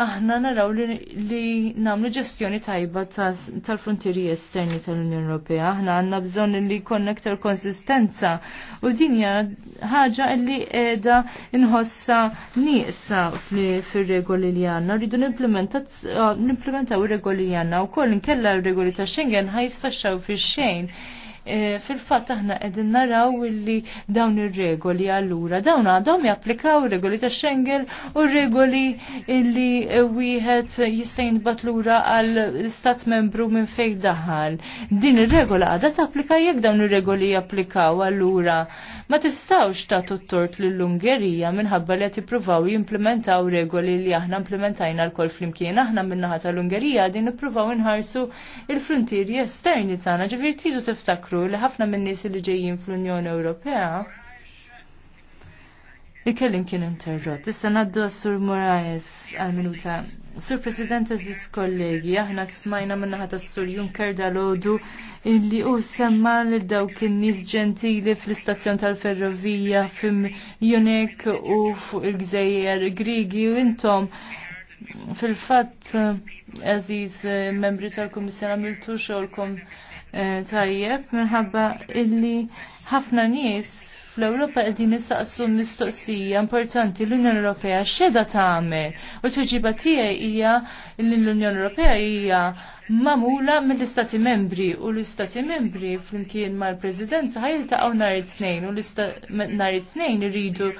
S1: aħna naraw li, li namlu ġestjoni tajba tal-frontieri ta esterni tal-Unjoni Ewropea. Aħna għandna bżonn li jkollna aktar konsistenza u din hija ħaġa li qiegħda inħossa nieqsa fir-regoli li għandna. Rridu nimplementaw ir-regoli li għandna wkoll inkella r-regoli ta' Schengen ħajsfaxxaw fix-xejn. Eh, fil-fatt aħna qegħdin naraw li dawn ir-regoli allura dawn għadhom japplikaw ir-regoli ta' Schengen u r-regoli li wieħed jista' jinbat lura għal stat membru minn fejn daħal. Din ir-regola għadha tapplika jekk dawn ir-regoli japplikaw allura. Ma tistawx tagħtu t-tort lill-Ungerija minħabba li qed jippruvaw jimplementaw regoli li aħna implementajna l-kol flimkien aħna minnaħa tal-Ungerija din ippruvaw inħarsu il-frontieri esterni tagħna ġifieri tiftakru nifakru li ħafna minn nies li ġejjin fl-Unjoni Ewropea il-kellim kien interrot. Issa naddu Sur Moraes għal-minuta. Sur President eżis kollegi, aħna smajna minnaħat Sur Juncker dal-ħodu illi u semma l dawk kien nies ġentili fl-istazzjon tal-ferrovija fim Junek u fuq il-gżejjer Grigi u intom fil fat eżiz membri tal komissjon għamiltu xolkom Eh, tajjeb minħabba illi ħafna nies fl-Ewropa qegħdin nistaqsu mistoqsija importanti l-Unjoni Ewropea x'edha tagħmel u t-tweġiba tiegħi hija li l-Unjoni Ewropea hija mamula mill-Istati Membri u l-Istati Membri flimkien mal-Presidenza ħajiltaqgħu nhar it-tnejn u nhar it-tnejn rridu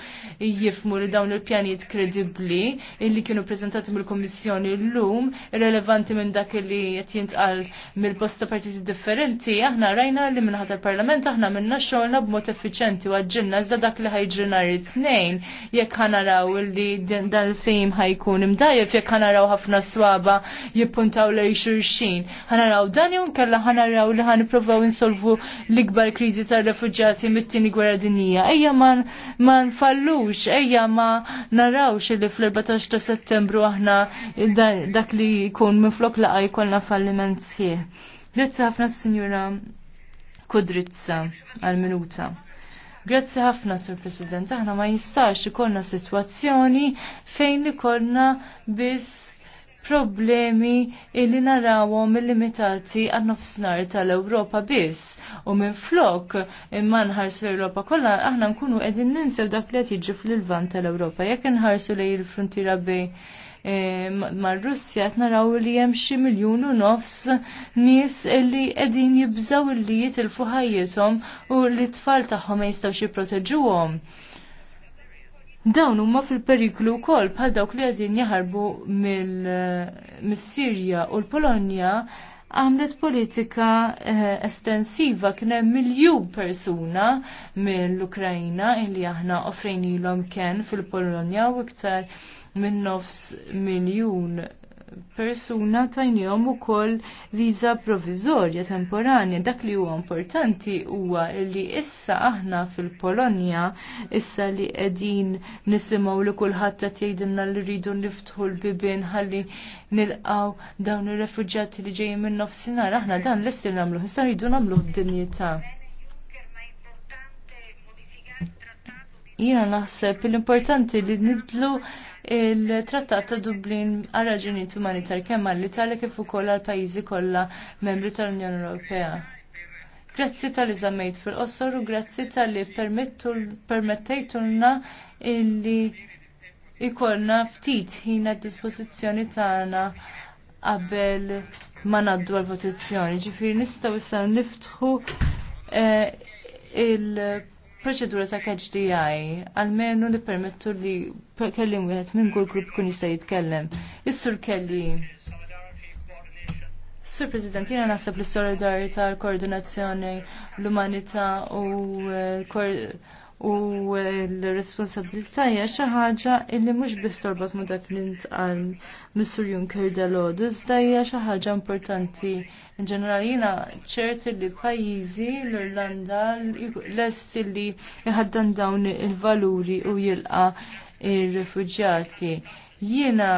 S1: jifmu li dawn il-pjanijiet kredibbli illi kienu preżentati mill-Kummissjoni llum relevanti minn dak li qed jintqal mill-bosta partiti differenti aħna rajna li minħat il-Parlament aħna minna xogħolna b'mod effiċenti u għaġġilna iżda dak li ħajġri nhar it-tnejn jekk ħanaraw li dan il-fejm ħajkun imdajjef jekk ħanaraw ħafna swaba jippuntaw lejn xulxin. Ħanaraw dan jew ħana ħanaraw li ħanipprovaw insolvu l-ikbar kriżi tar-refuġjati mit-tieni gwerra dinija. Ejja ma nfallux, ejja ma narawx li fl-14 ta' Settembru aħna dak li jkun minflok laqa jkollna falliment sieħ. Grazzi ħafna s-Sinjura Kudrizza għal-minuta. Grazzi ħafna, Sur President. Aħna ma jistax ikolna situazzjoni fejn li kolna biss problemi illi narawhom il-limitati għan nofsnar tal-Ewropa biss u minn flok imma ħarsu l-Ewropa kollha aħna nkunu qegħdin ninsew dak li qed jiġi fil-lvant tal-Ewropa jekk inħarsu lejn il frontira bejn eh, mar russja naraw li hemm xi miljun u nofs nies li qegħdin jibżaw li jitilfu ħajjithom u li t-tfal tagħhom ma jistgħux jipproteġuhom. Dawn huma fil-periklu wkoll bħal dawk li qegħdin jaħarbu mill-Sirja eh, u l-Polonja għamlet politika eh, estensiva kien hemm miljun persuna mill-Ukrajna illi aħna offrejnilhom kien fil-Polonja u iktar minn nofs miljun persuna tajnijom u koll viza provizorja temporanja. Dak li huwa importanti huwa li issa aħna fil-Polonja, issa li edin nisimaw li kullħat ta' tjedinna li rridu niftħu l-bibin ħalli nilqaw dawn ir-refugġati li ġejjin minn nofsinhar. Aħna dan l nagħmlu. namluħ, issa rridu namluħ b'dinjità. Jina naħseb l-importanti li nidlu il-Trattat ta' Dublin għal raġunijiet umanitarji kemm l italja kif ukoll għal pajjiżi kollha membri tal-Unjoni Ewropea. Grazzi tal-li żammejt fil-qosor u grazzi tal-li permettejtulna illi ikollna ftit ħina d-dispożizzjoni tagħna qabel ma naddu għal-votazzjoni. Ġifieri nistgħu issa niftħu eh, il- proċedura ta' KHDI, għalmenu li permettur li kellim wieħed minn kull grupp kun jista' jitkellem. Is-sur kelli. Sur President, jina nasab li solidarita, l-koordinazzjoni, l-umanita u l eh, u l-responsabilità hija xi ħaġa illi mhux biss torbot ma' dak li ntqal Mr. Juncker Delod, iżda hija xi ħaġa importanti. In ġenerali jiena ċert li pajjiżi l-Irlanda lest li jħaddan dawn il-valuri u jilqa' ir-refuġjati. Jiena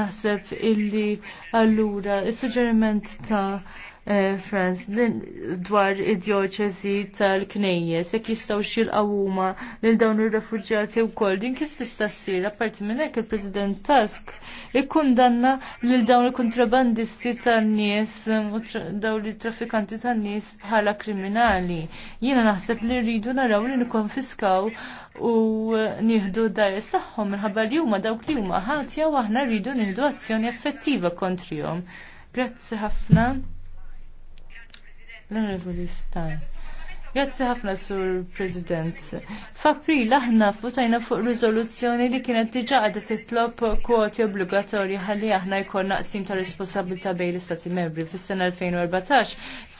S1: naħseb illi allura is-suġġeriment ta' Eh, Franz, dwar id-dioċezi tal-knejjes, jekk jistaw xil għawuma lil dawn ir refugġati u kol, din kif tista' ssir, apparti minn hekk il-President Tusk ikkundanna lil dawn il-kontrabandisti tan-nies u dawn il-traffikanti tan-nies bħala kriminali. Jiena naħseb li rridu naraw li nikonfiskaw u nieħdu dajes tagħhom minħabba li huma dawk li huma ħatja u aħna rridu nieħdu azzjoni effettiva kontrihom. Grazzi ħafna. L-Onorevoli Stein. Grazzi ħafna sur President. F'April aħna futajna fuq rizoluzzjoni li kienet diġà għadda titlob kwoti obbligatorji ħalli aħna jkun naqsim ta' responsabilità bejn l stati Membri. Fis-sena 2014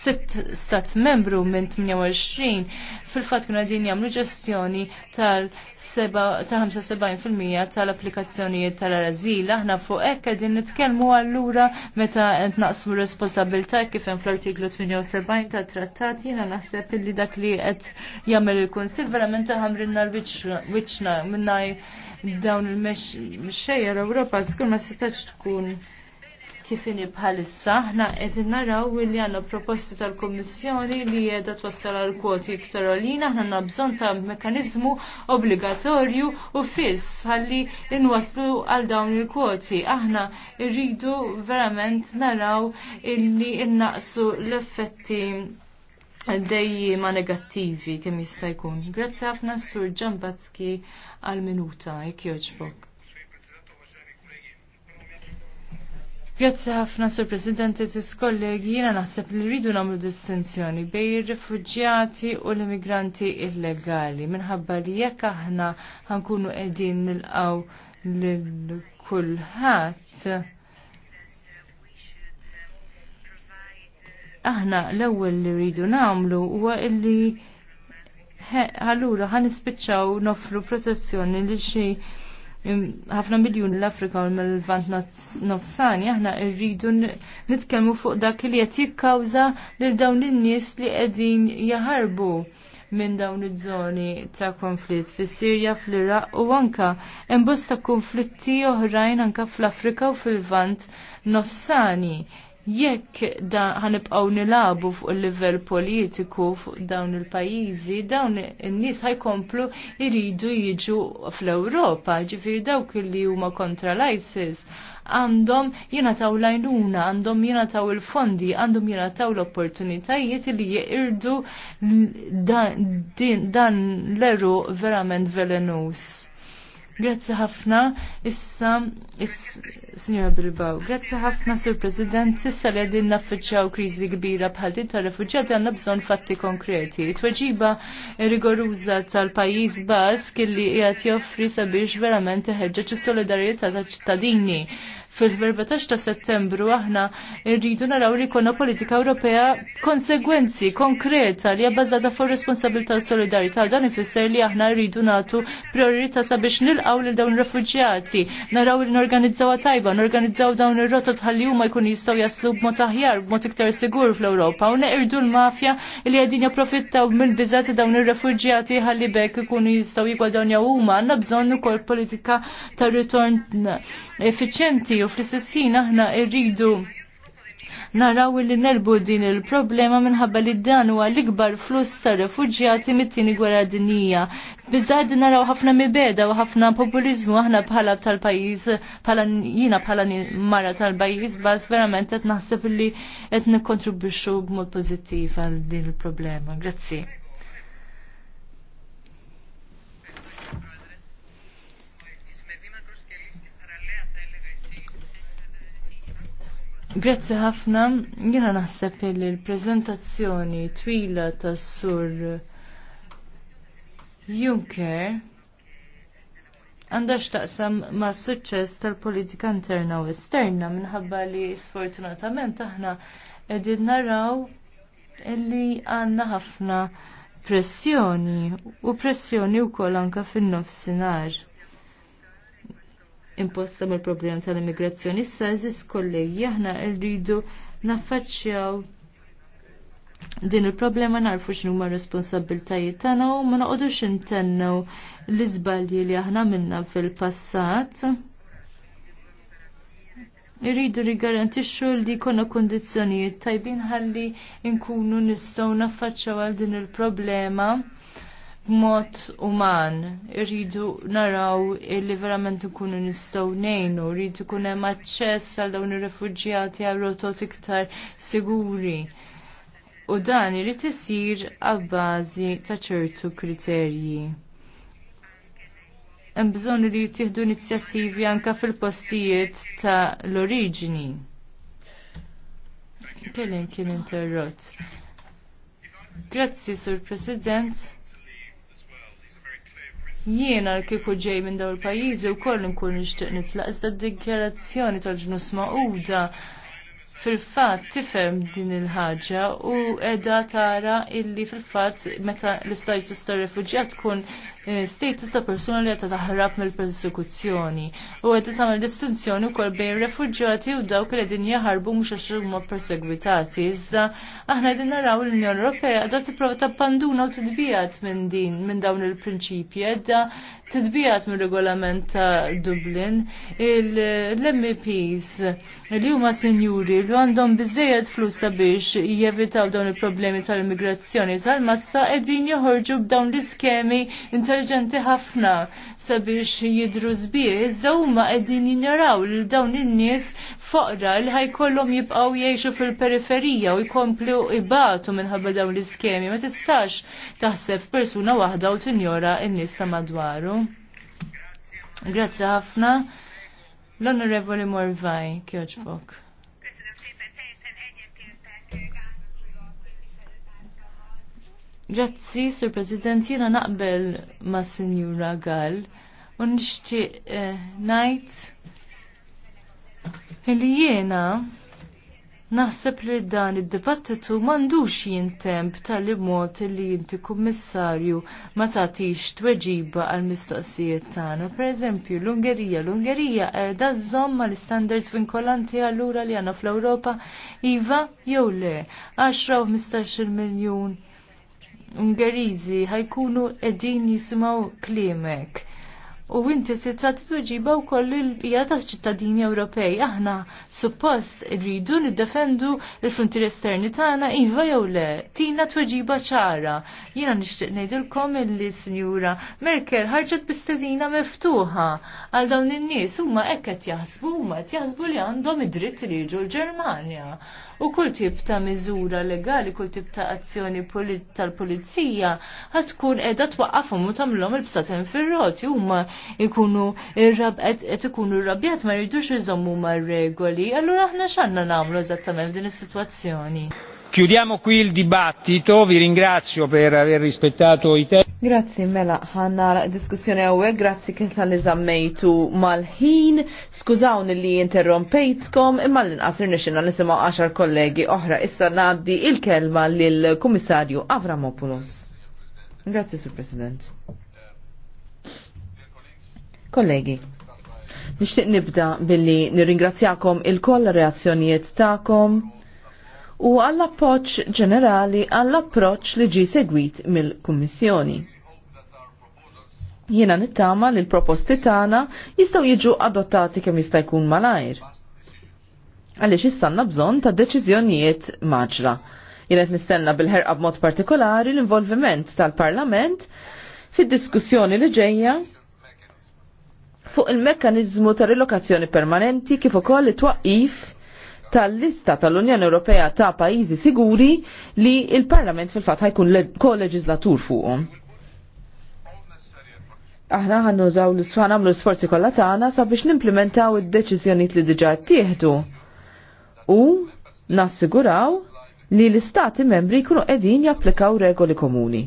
S1: sitt stat membru minn 28 fil-fatt kienu din jagħmlu ġestjoni tal-75% tal-applikazzjonijiet tal-azil. Aħna fuq hekk qegħdin nitkellmu allura meta qed naqsmu responsabilità kif hemm fl-artiklu 78 tat-trattat jiena naħseb li dak li qed jagħmel il-Kunsill verament ħamrilna l-wiċċna minnaj dawn il-mexxejja l-Ewropa skur ma setax tkun kifini bħalissa, ħna qed naraw li għandna proposti tal kummissjoni li qiegħda twassal għal kwoti iktar għalina, ħna għandna bżonn ta' mekanizmu obbligatorju u fiss ħalli inwaslu għal dawn il-kwoti. Aħna rridu verament naraw illi innaqsu l-effetti ma' negattivi kemm jista' jkun. Grazzi ħafna sur Ġambatski għal minuta jekk joġbok. Grazzi ħafna sur President eżis kollegi, jiena naħseb li rridu nagħmlu distinzjoni bejn ir-rifuġjati u l-immigranti illegali minħabba li jekk aħna ħankunu qegħdin nilqgħu lil kulħadd aħna l-ewwel li rridu nagħmlu huwa illi allura ħan ispiċċaw nofru protezzjoni li xi ħafna miljun l-Afrika u l vant nofsani, aħna rridu nitkellmu fuq dak li qed jikkawża lil dawn in-nies li qegħdin jaħarbu minn dawn iż-żoni ta' konflitt fis-Sirja, fl-Iraq u anka imbosta konflitti oħrajn anka fl-Afrika u fil vant nofsani jekk da ħanibqaw nilabu fuq il-livell politiku fuq dawn il-pajjiżi, dawn in-nies ħajkomplu jridu jiġu fl-Ewropa, ġifieri dawk li huma kontra l-ISIS għandhom jingħataw lajnuna, għandhom taw il-fondi, għandhom taw l-opportunitajiet li jirdu dan, dan l-eru verament velenus. Grazzi ħafna, issa, signora Bilbao, grazzi ħafna, sur President, issa li għadin naffiċċaw krizi kbira bħal din tal-refugġati għanna bżon fatti konkreti. Tweġiba rigoruza tal-pajis Bask li jgħat joffri sabiex verament iħeġġeġ is-solidarjetà ta' ċittadini fil-14 ta' settembru aħna rridu naraw li konna politika Ewropea konsegwenzi konkreta li jabbażata fuq responsabilità u solidarità. Dan ifisser li aħna rridu nagħtu priorità sabiex nilqaw lil dawn refuġjati, naraw li norganizzaw tajba, norganizzaw dawn ir-rotot ħalli huma jkun jistgħu jaslu b'mod aħjar, b'mod iktar sigur fl-Ewropa u neqirdu l-mafja li qegħdin japprofittaw mill-biżat dawn ir-refuġjati ħalli bekk ikunu jistgħu jigwadawjaw huma. Għandna bżonn ukoll politika ta' ritorn efficienti u fl-istess aħna rridu naraw li nerbu din il-problema minħabba li dan huwa l-ikbar flus ta' refuġjati mit-tieni gwerra dinija. Biżda naraw ħafna mibeda u ħafna populizmu aħna bħala tal-pajjiż bħala jiena bħala mara tal-pajjiż baż verament qed naħseb li qed nikkontribwixxu b'mod pożittiv għal din il-problema. Grazzi. Grazzi ħafna, jena naħseb li l-prezentazzjoni twila tas sur Juncker għandha x'taqsam ma' suċċess tal-politika interna u esterna minħabba li sfortunatament aħna qegħdin naraw li għandna ħafna pressjoni u pressjoni wkoll anke fin-nofsinhar imposta mal problem tal-immigrazzjoni. Issa ziz kollegi, aħna rridu naffaċċjaw din il-problema narfu ma responsabiltajiet tagħna u ma noqogħdux intennew l-iżbalji li aħna minna fil-passat. Irridu rigarantixxu li jkollna kundizzjonijiet tajbin ħalli nkunu nistgħu naffaċċjaw għal din il-problema b'mod uman, irridu naraw illi verament ikunu nistgħu ngħinu, rridu ikun hemm aċċess għal dawn ir-refuġjati għal rotot iktar siguri. U dan irid isir għabbażi ta' ċertu kriterji. Hemm bżonn li jittieħdu inizjattivi anke fil-postijiet ta' l-oriġini. Kellin kien interrott. Grazzi, Sur President. Jiena l-kiku ġej minn daw il-pajizi u koll nkun nixtieq nitlaq iżda d-dikjarazzjoni tal-ġnus smaquda fil-fatt tifhem din il-ħaġa u edha tara illi fil-fatt meta l istajtu tar-refuġjat tkun status ta' persuna li qed taħrab mill-persekuzzjoni. U qed tagħmel distinzjoni wkoll bejn refugġati u dawk li qegħdin jaħarbu mhux għax huma persegwitati. Iżda aħna qegħdin naraw l-Unjoni t-prova tipprova tappanduna u t-dbijat minn din minn dawn il-prinċipji t-dbijat minn regolament ta' Dublin. L-MEPs li huma sinjuri li għandhom bizzejed flus sabiex jevitaw dawn il-problemi tal-immigrazzjoni tal-massa qegħdin joħorġu b'dawn l-iskemi intelligenti ħafna sabiex jidru zbieħ, iżda huma qegħdin jinjaraw lil dawn in-nies foqra li ħajkollhom jibqgħu jgħixu fil-periferija u jkomplu ibatu minħabba dawn l-iskemi ma tistax taħseb persuna waħda u tinjora n-nies ta' madwaru. Grazzi ħafna. L-Onorevoli Morvaj, Kjoċbok. Grazzi, Sur President, jena naqbel ma' Sinjura Gall u nixtieq eh, ngħid li jiena naħseb li dan id-dibattitu m'għandux jintemp tal imot mod li inti kummissarju ma tagħtix tweġiba għal mistoqsijiet tagħna. Pereżempju l-Ungerija, l-Ungerija qiegħda żomm mal-istandards vinkolanti allura li għandna fl-Ewropa iva jew le 10 u 15 miljun Ungeriżi ħajkunu qegħdin jisimgħu klimek. U inti se tagħti tweġiba wkoll il bija taċ-ċittadini Ewropej. Aħna suppost rridu niddefendu l-frontier esterni tagħna iva jew le. Tina tweġiba ċara. Jiena nixtieq ngħidilkom illi Sinjura Merkel ħarġet bistedina miftuħa għal dawn in-nies huma hekk qed jaħsbu huma qed jaħsbu li għandhom id-dritt li jiġu l-Ġermanja u kull tip ta' miżura legali, kull tip ta' azzjoni tal-pulizija ħad tkun qiegħda twaqqafhom u tagħmilhom il-bsaten fir-roti huma jkunu irrabqet qed ikunu rrabjat ma jridux iżommu mar-regoli. Allura aħna x'għandna
S3: nagħmlu eżattament din is-sitwazzjoni?
S2: Chiudiamo qui il dibattito, vi ringrazio
S1: per aver rispettato i tempi.
S3: Grazzi mela ħanna diskussjoni għawek, grazzi kif li zammejtu mal-ħin, skużawni li interrompejtkom, imma l-inqasir nixinna nisimaw 10 kollegi oħra, issa naddi il-kelma lill-Kummissarju Avramopoulos. Grazzi, Sur President. Kollegi, nixtieq nibda billi nirringrazzjakom il-koll reazzjonijiet ta'kom u għall-appoċ ġenerali għall-approċ li ġi segwit mill-Kummissjoni. Jiena nittama li l-proposti tagħna jistgħu jiġu adottati kemm jista' jkun malajr. Għaliex issanna bżonn ta' deċiżjonijiet maġla. qed nistenna bil-ħerqa b'mod partikolari l-involviment tal-Parlament fid-diskussjoni li ġejja fuq il-mekkanizmu ta' rilokazzjoni permanenti kif ukoll it-twaqqif tal-lista tal-Unjoni Ewropea ta' pajjiżi siguri li il-Parlament fil-fatt ħajkun ko-leġislatur fuqhom. Aħna ħannużaw l-isfan għamlu l-sforzi kollha tagħna sabiex nimplementaw id-deċiżjonijiet li diġà ttieħdu u nassiguraw li l-istati membri jkunu qegħdin japplikaw regoli komuni.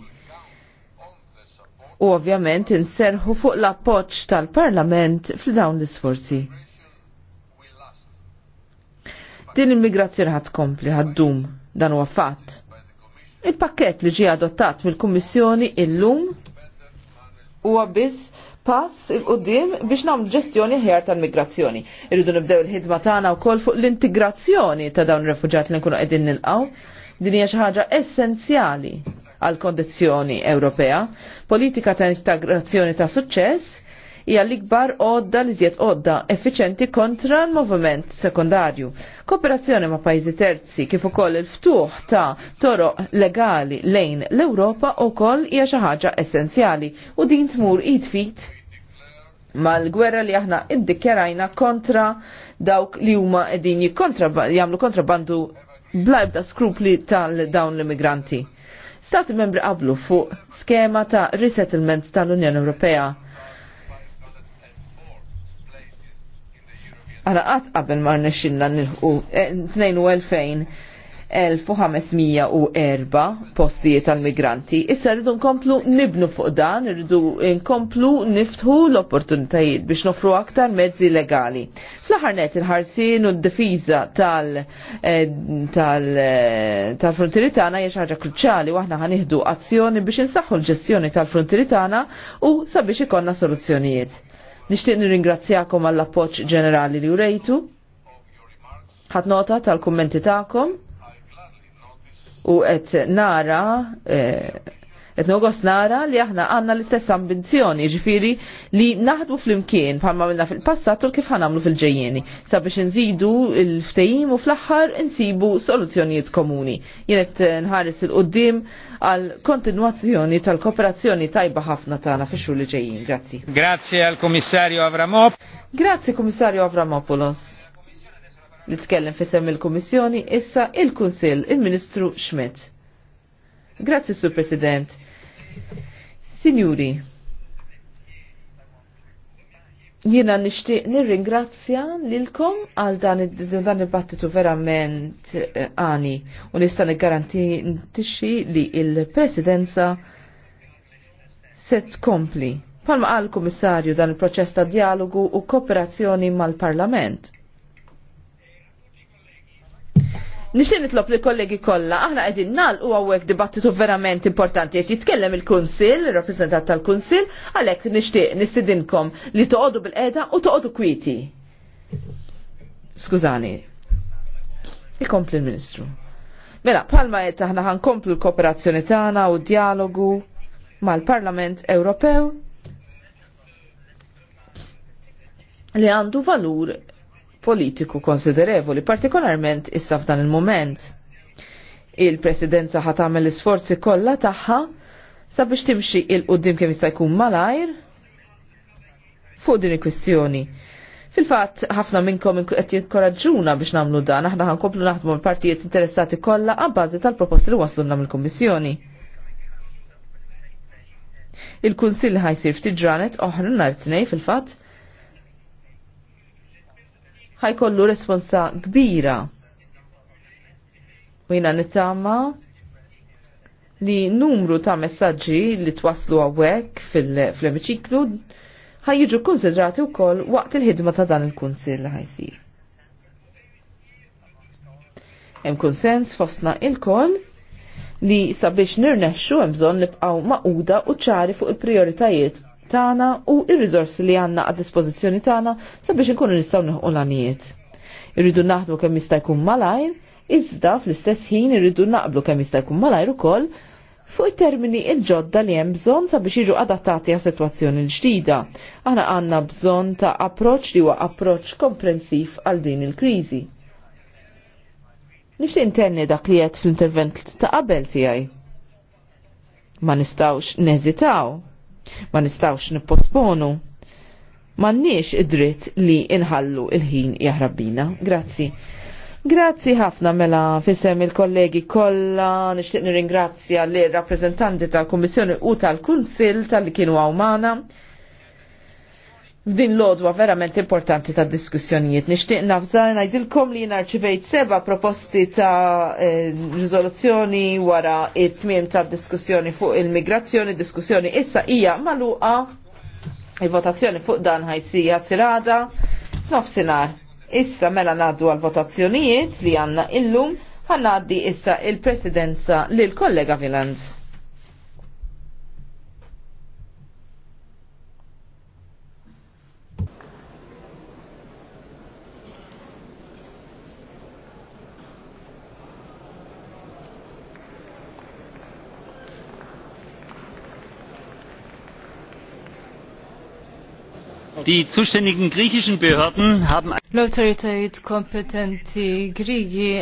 S3: U ovvjament inserħu fuq l-appoġġ tal-Parlament fl dawn l-isforzi. Din l migrazzjoni ħad kompli ħaddum dan huwa fatt. Il-pakket li ġie adottat mill-Kummissjoni illum huwa biss pass il-qoddim biex nagħmlu ġestjoni ħjar tal-migrazzjoni. Irridu nibdew il-ħidma tagħna wkoll fuq l-integrazzjoni ta' dawn ir-refuġjati li nkunu qegħdin nilqgħu. Din hija xi ħaġa essenzjali għal kondizzjoni Ewropea, politika ta' integrazzjoni ta' suċċess hija l-ikbar għodda li ziet għodda effiċenti kontra l-moviment sekundarju. Kooperazzjoni ma' pajzi terzi kif ukoll il-ftuħ ta' toroq legali lejn l-Ewropa wkoll hija xi ħaġa essenzjali u din tmur id mal-gwerra li aħna iddikjarajna kontra dawk li huma qegħdin kontra, jagħmlu kontrabandu blajbda skrupli tal-dawn l-immigranti. Stati membri qablu fuq skema ta' resettlement tal-Unjoni Ewropea Għana qatt qabel ma rnexxinna nilħu 1504 e, postijiet tal-migranti. Issa rridu nkomplu nibnu fuq dan, rridu nkomplu niftħu l-opportunitajiet biex nofru aktar mezzi legali. fl net il-ħarsin u d-difiża e, e, tal-frontieri tagħna hija ħaġa kruċjali u aħna ħanieħdu azzjoni biex insaħħu l-ġestjoni tal-frontieri tagħna u sabiex ikollna soluzzjonijiet. Nixtieq nirringrazzjakom għall appoġġ ġenerali li urejtu. Ħadd nota tal-kummenti tagħkom u qed nara eh, Et nogos nara li aħna għanna l-istess ambizjoni, ġifiri li naħdu fl-imkien ma minna fil-passat u kif ħanamlu fil-ġejjeni, sabiex nżidu il-ftejim u fl-axħar nsibu soluzzjonijiet komuni. Jenet nħares il-qoddim għal kontinuazzjoni tal-kooperazzjoni tajba ħafna tagħna fix-xhur li ġejjin. Grazzi. Grazzi għal Komissarju Avramop. Grazzi Komissarju Avramopoulos. Li tkellem fisem il-Komissjoni issa il-Kunsill il-Ministru Schmidt. Grazzi, Sur President. Signuri, jiena nixtieq nirringrazzja lilkom għal dan il-battitu verament eh, għani u nista' niggarantixxi li il-Presidenza se tkompli. Palma għal kummissarju dan il-proċess ta' dialogu u kooperazzjoni mal-Parlament. Nixin nitlob li kollegi kollha, aħna qegħdin nal u għawek dibattitu verament importanti qed jitkellem il-Kunsill, il-rappreżentant tal-Kunsill, għalhekk nixtieq nistidinkom li toqodu bil eda u toqodu kwiti. Skużani. Ikompli l-Ministru. Mela, palma qed aħna komplu l-kooperazzjoni tagħna u d-dialogu mal-Parlament Ewropew li għandu valur politiku konsiderevoli, partikolarment issa f'dan il-moment. Il-presidenza ħat tagħmel l-isforzi kollha tagħha sabiex timxi il-qudiem kemm jista' jkun malajr fuq din il-kwistjoni. Fil-fatt, ħafna minnkom qed jinkoraġġuna biex nagħmlu dan, aħna ħankomplu naħdmu l-partijiet interessati kollha għabbażi tal-proposti li waslu mill kummissjoni Il-Kunsill ħajsir ftit ġranet oħra nhar tnejn fil-fatt ħajkollu responsa kbira. U jina nittama li numru ta' messaġġi li twaslu għawek fil-emiċiklu ħajġu konsidrati u koll waqt il-ħidma ta' dan il-kunsil li ħajsir. Hemm konsens fostna il-koll li sabiex nirnexxu hemm bżonn nibqgħu maquda u ċari fuq il-prioritajiet Tana u il riżorsi li għandna għad dispożizzjoni tagħna sabiex inkunu nistgħu neħu l-għanijiet. Irridu naħdmu kemm jista' jkun malajr, iżda fl-istess ħin irridu naqblu kemm jista' jkun malajr ukoll fuq it-termini il-ġodda li hemm bżonn sabiex jiġu adattati għas sitwazzjoni l-ġdida. Aħna għandna bżonn ta' approċċ li huwa approċċ komprensiv għal din il-kriżi. Nixtieq intenni dak li qed fl-intervent ta' qabel tiegħi. Ma nistgħux neżitaw Ma nistawx nipposponu. Mannix id-dritt li inħallu il-ħin jaħrabbina. Grazzi. Grazzi ħafna mela fisem il-kollegi kollha, nixtieq nirringrazzja li rappreżentanti tal-Kummissjoni u tal kunsil tal-li kienu għawmana. F'din l-odwa verament importanti ta' diskussjonijiet. Nishtiq nafżar najdilkom li narċivejt seba proposti ta' eh, rizoluzzjoni wara it-tmiem ta' diskussjoni fuq il-migrazzjoni, diskussjoni issa hija maluqa il-votazzjoni fuq dan ħajsija sirada f'nofsinhar. Issa mela ngħaddu għal votazzjonijiet li għandna illum għaddi issa il-presidenza lil kollega Viland. Die
S1: zuständigen griechischen Behörden haben l kompetenti Grigi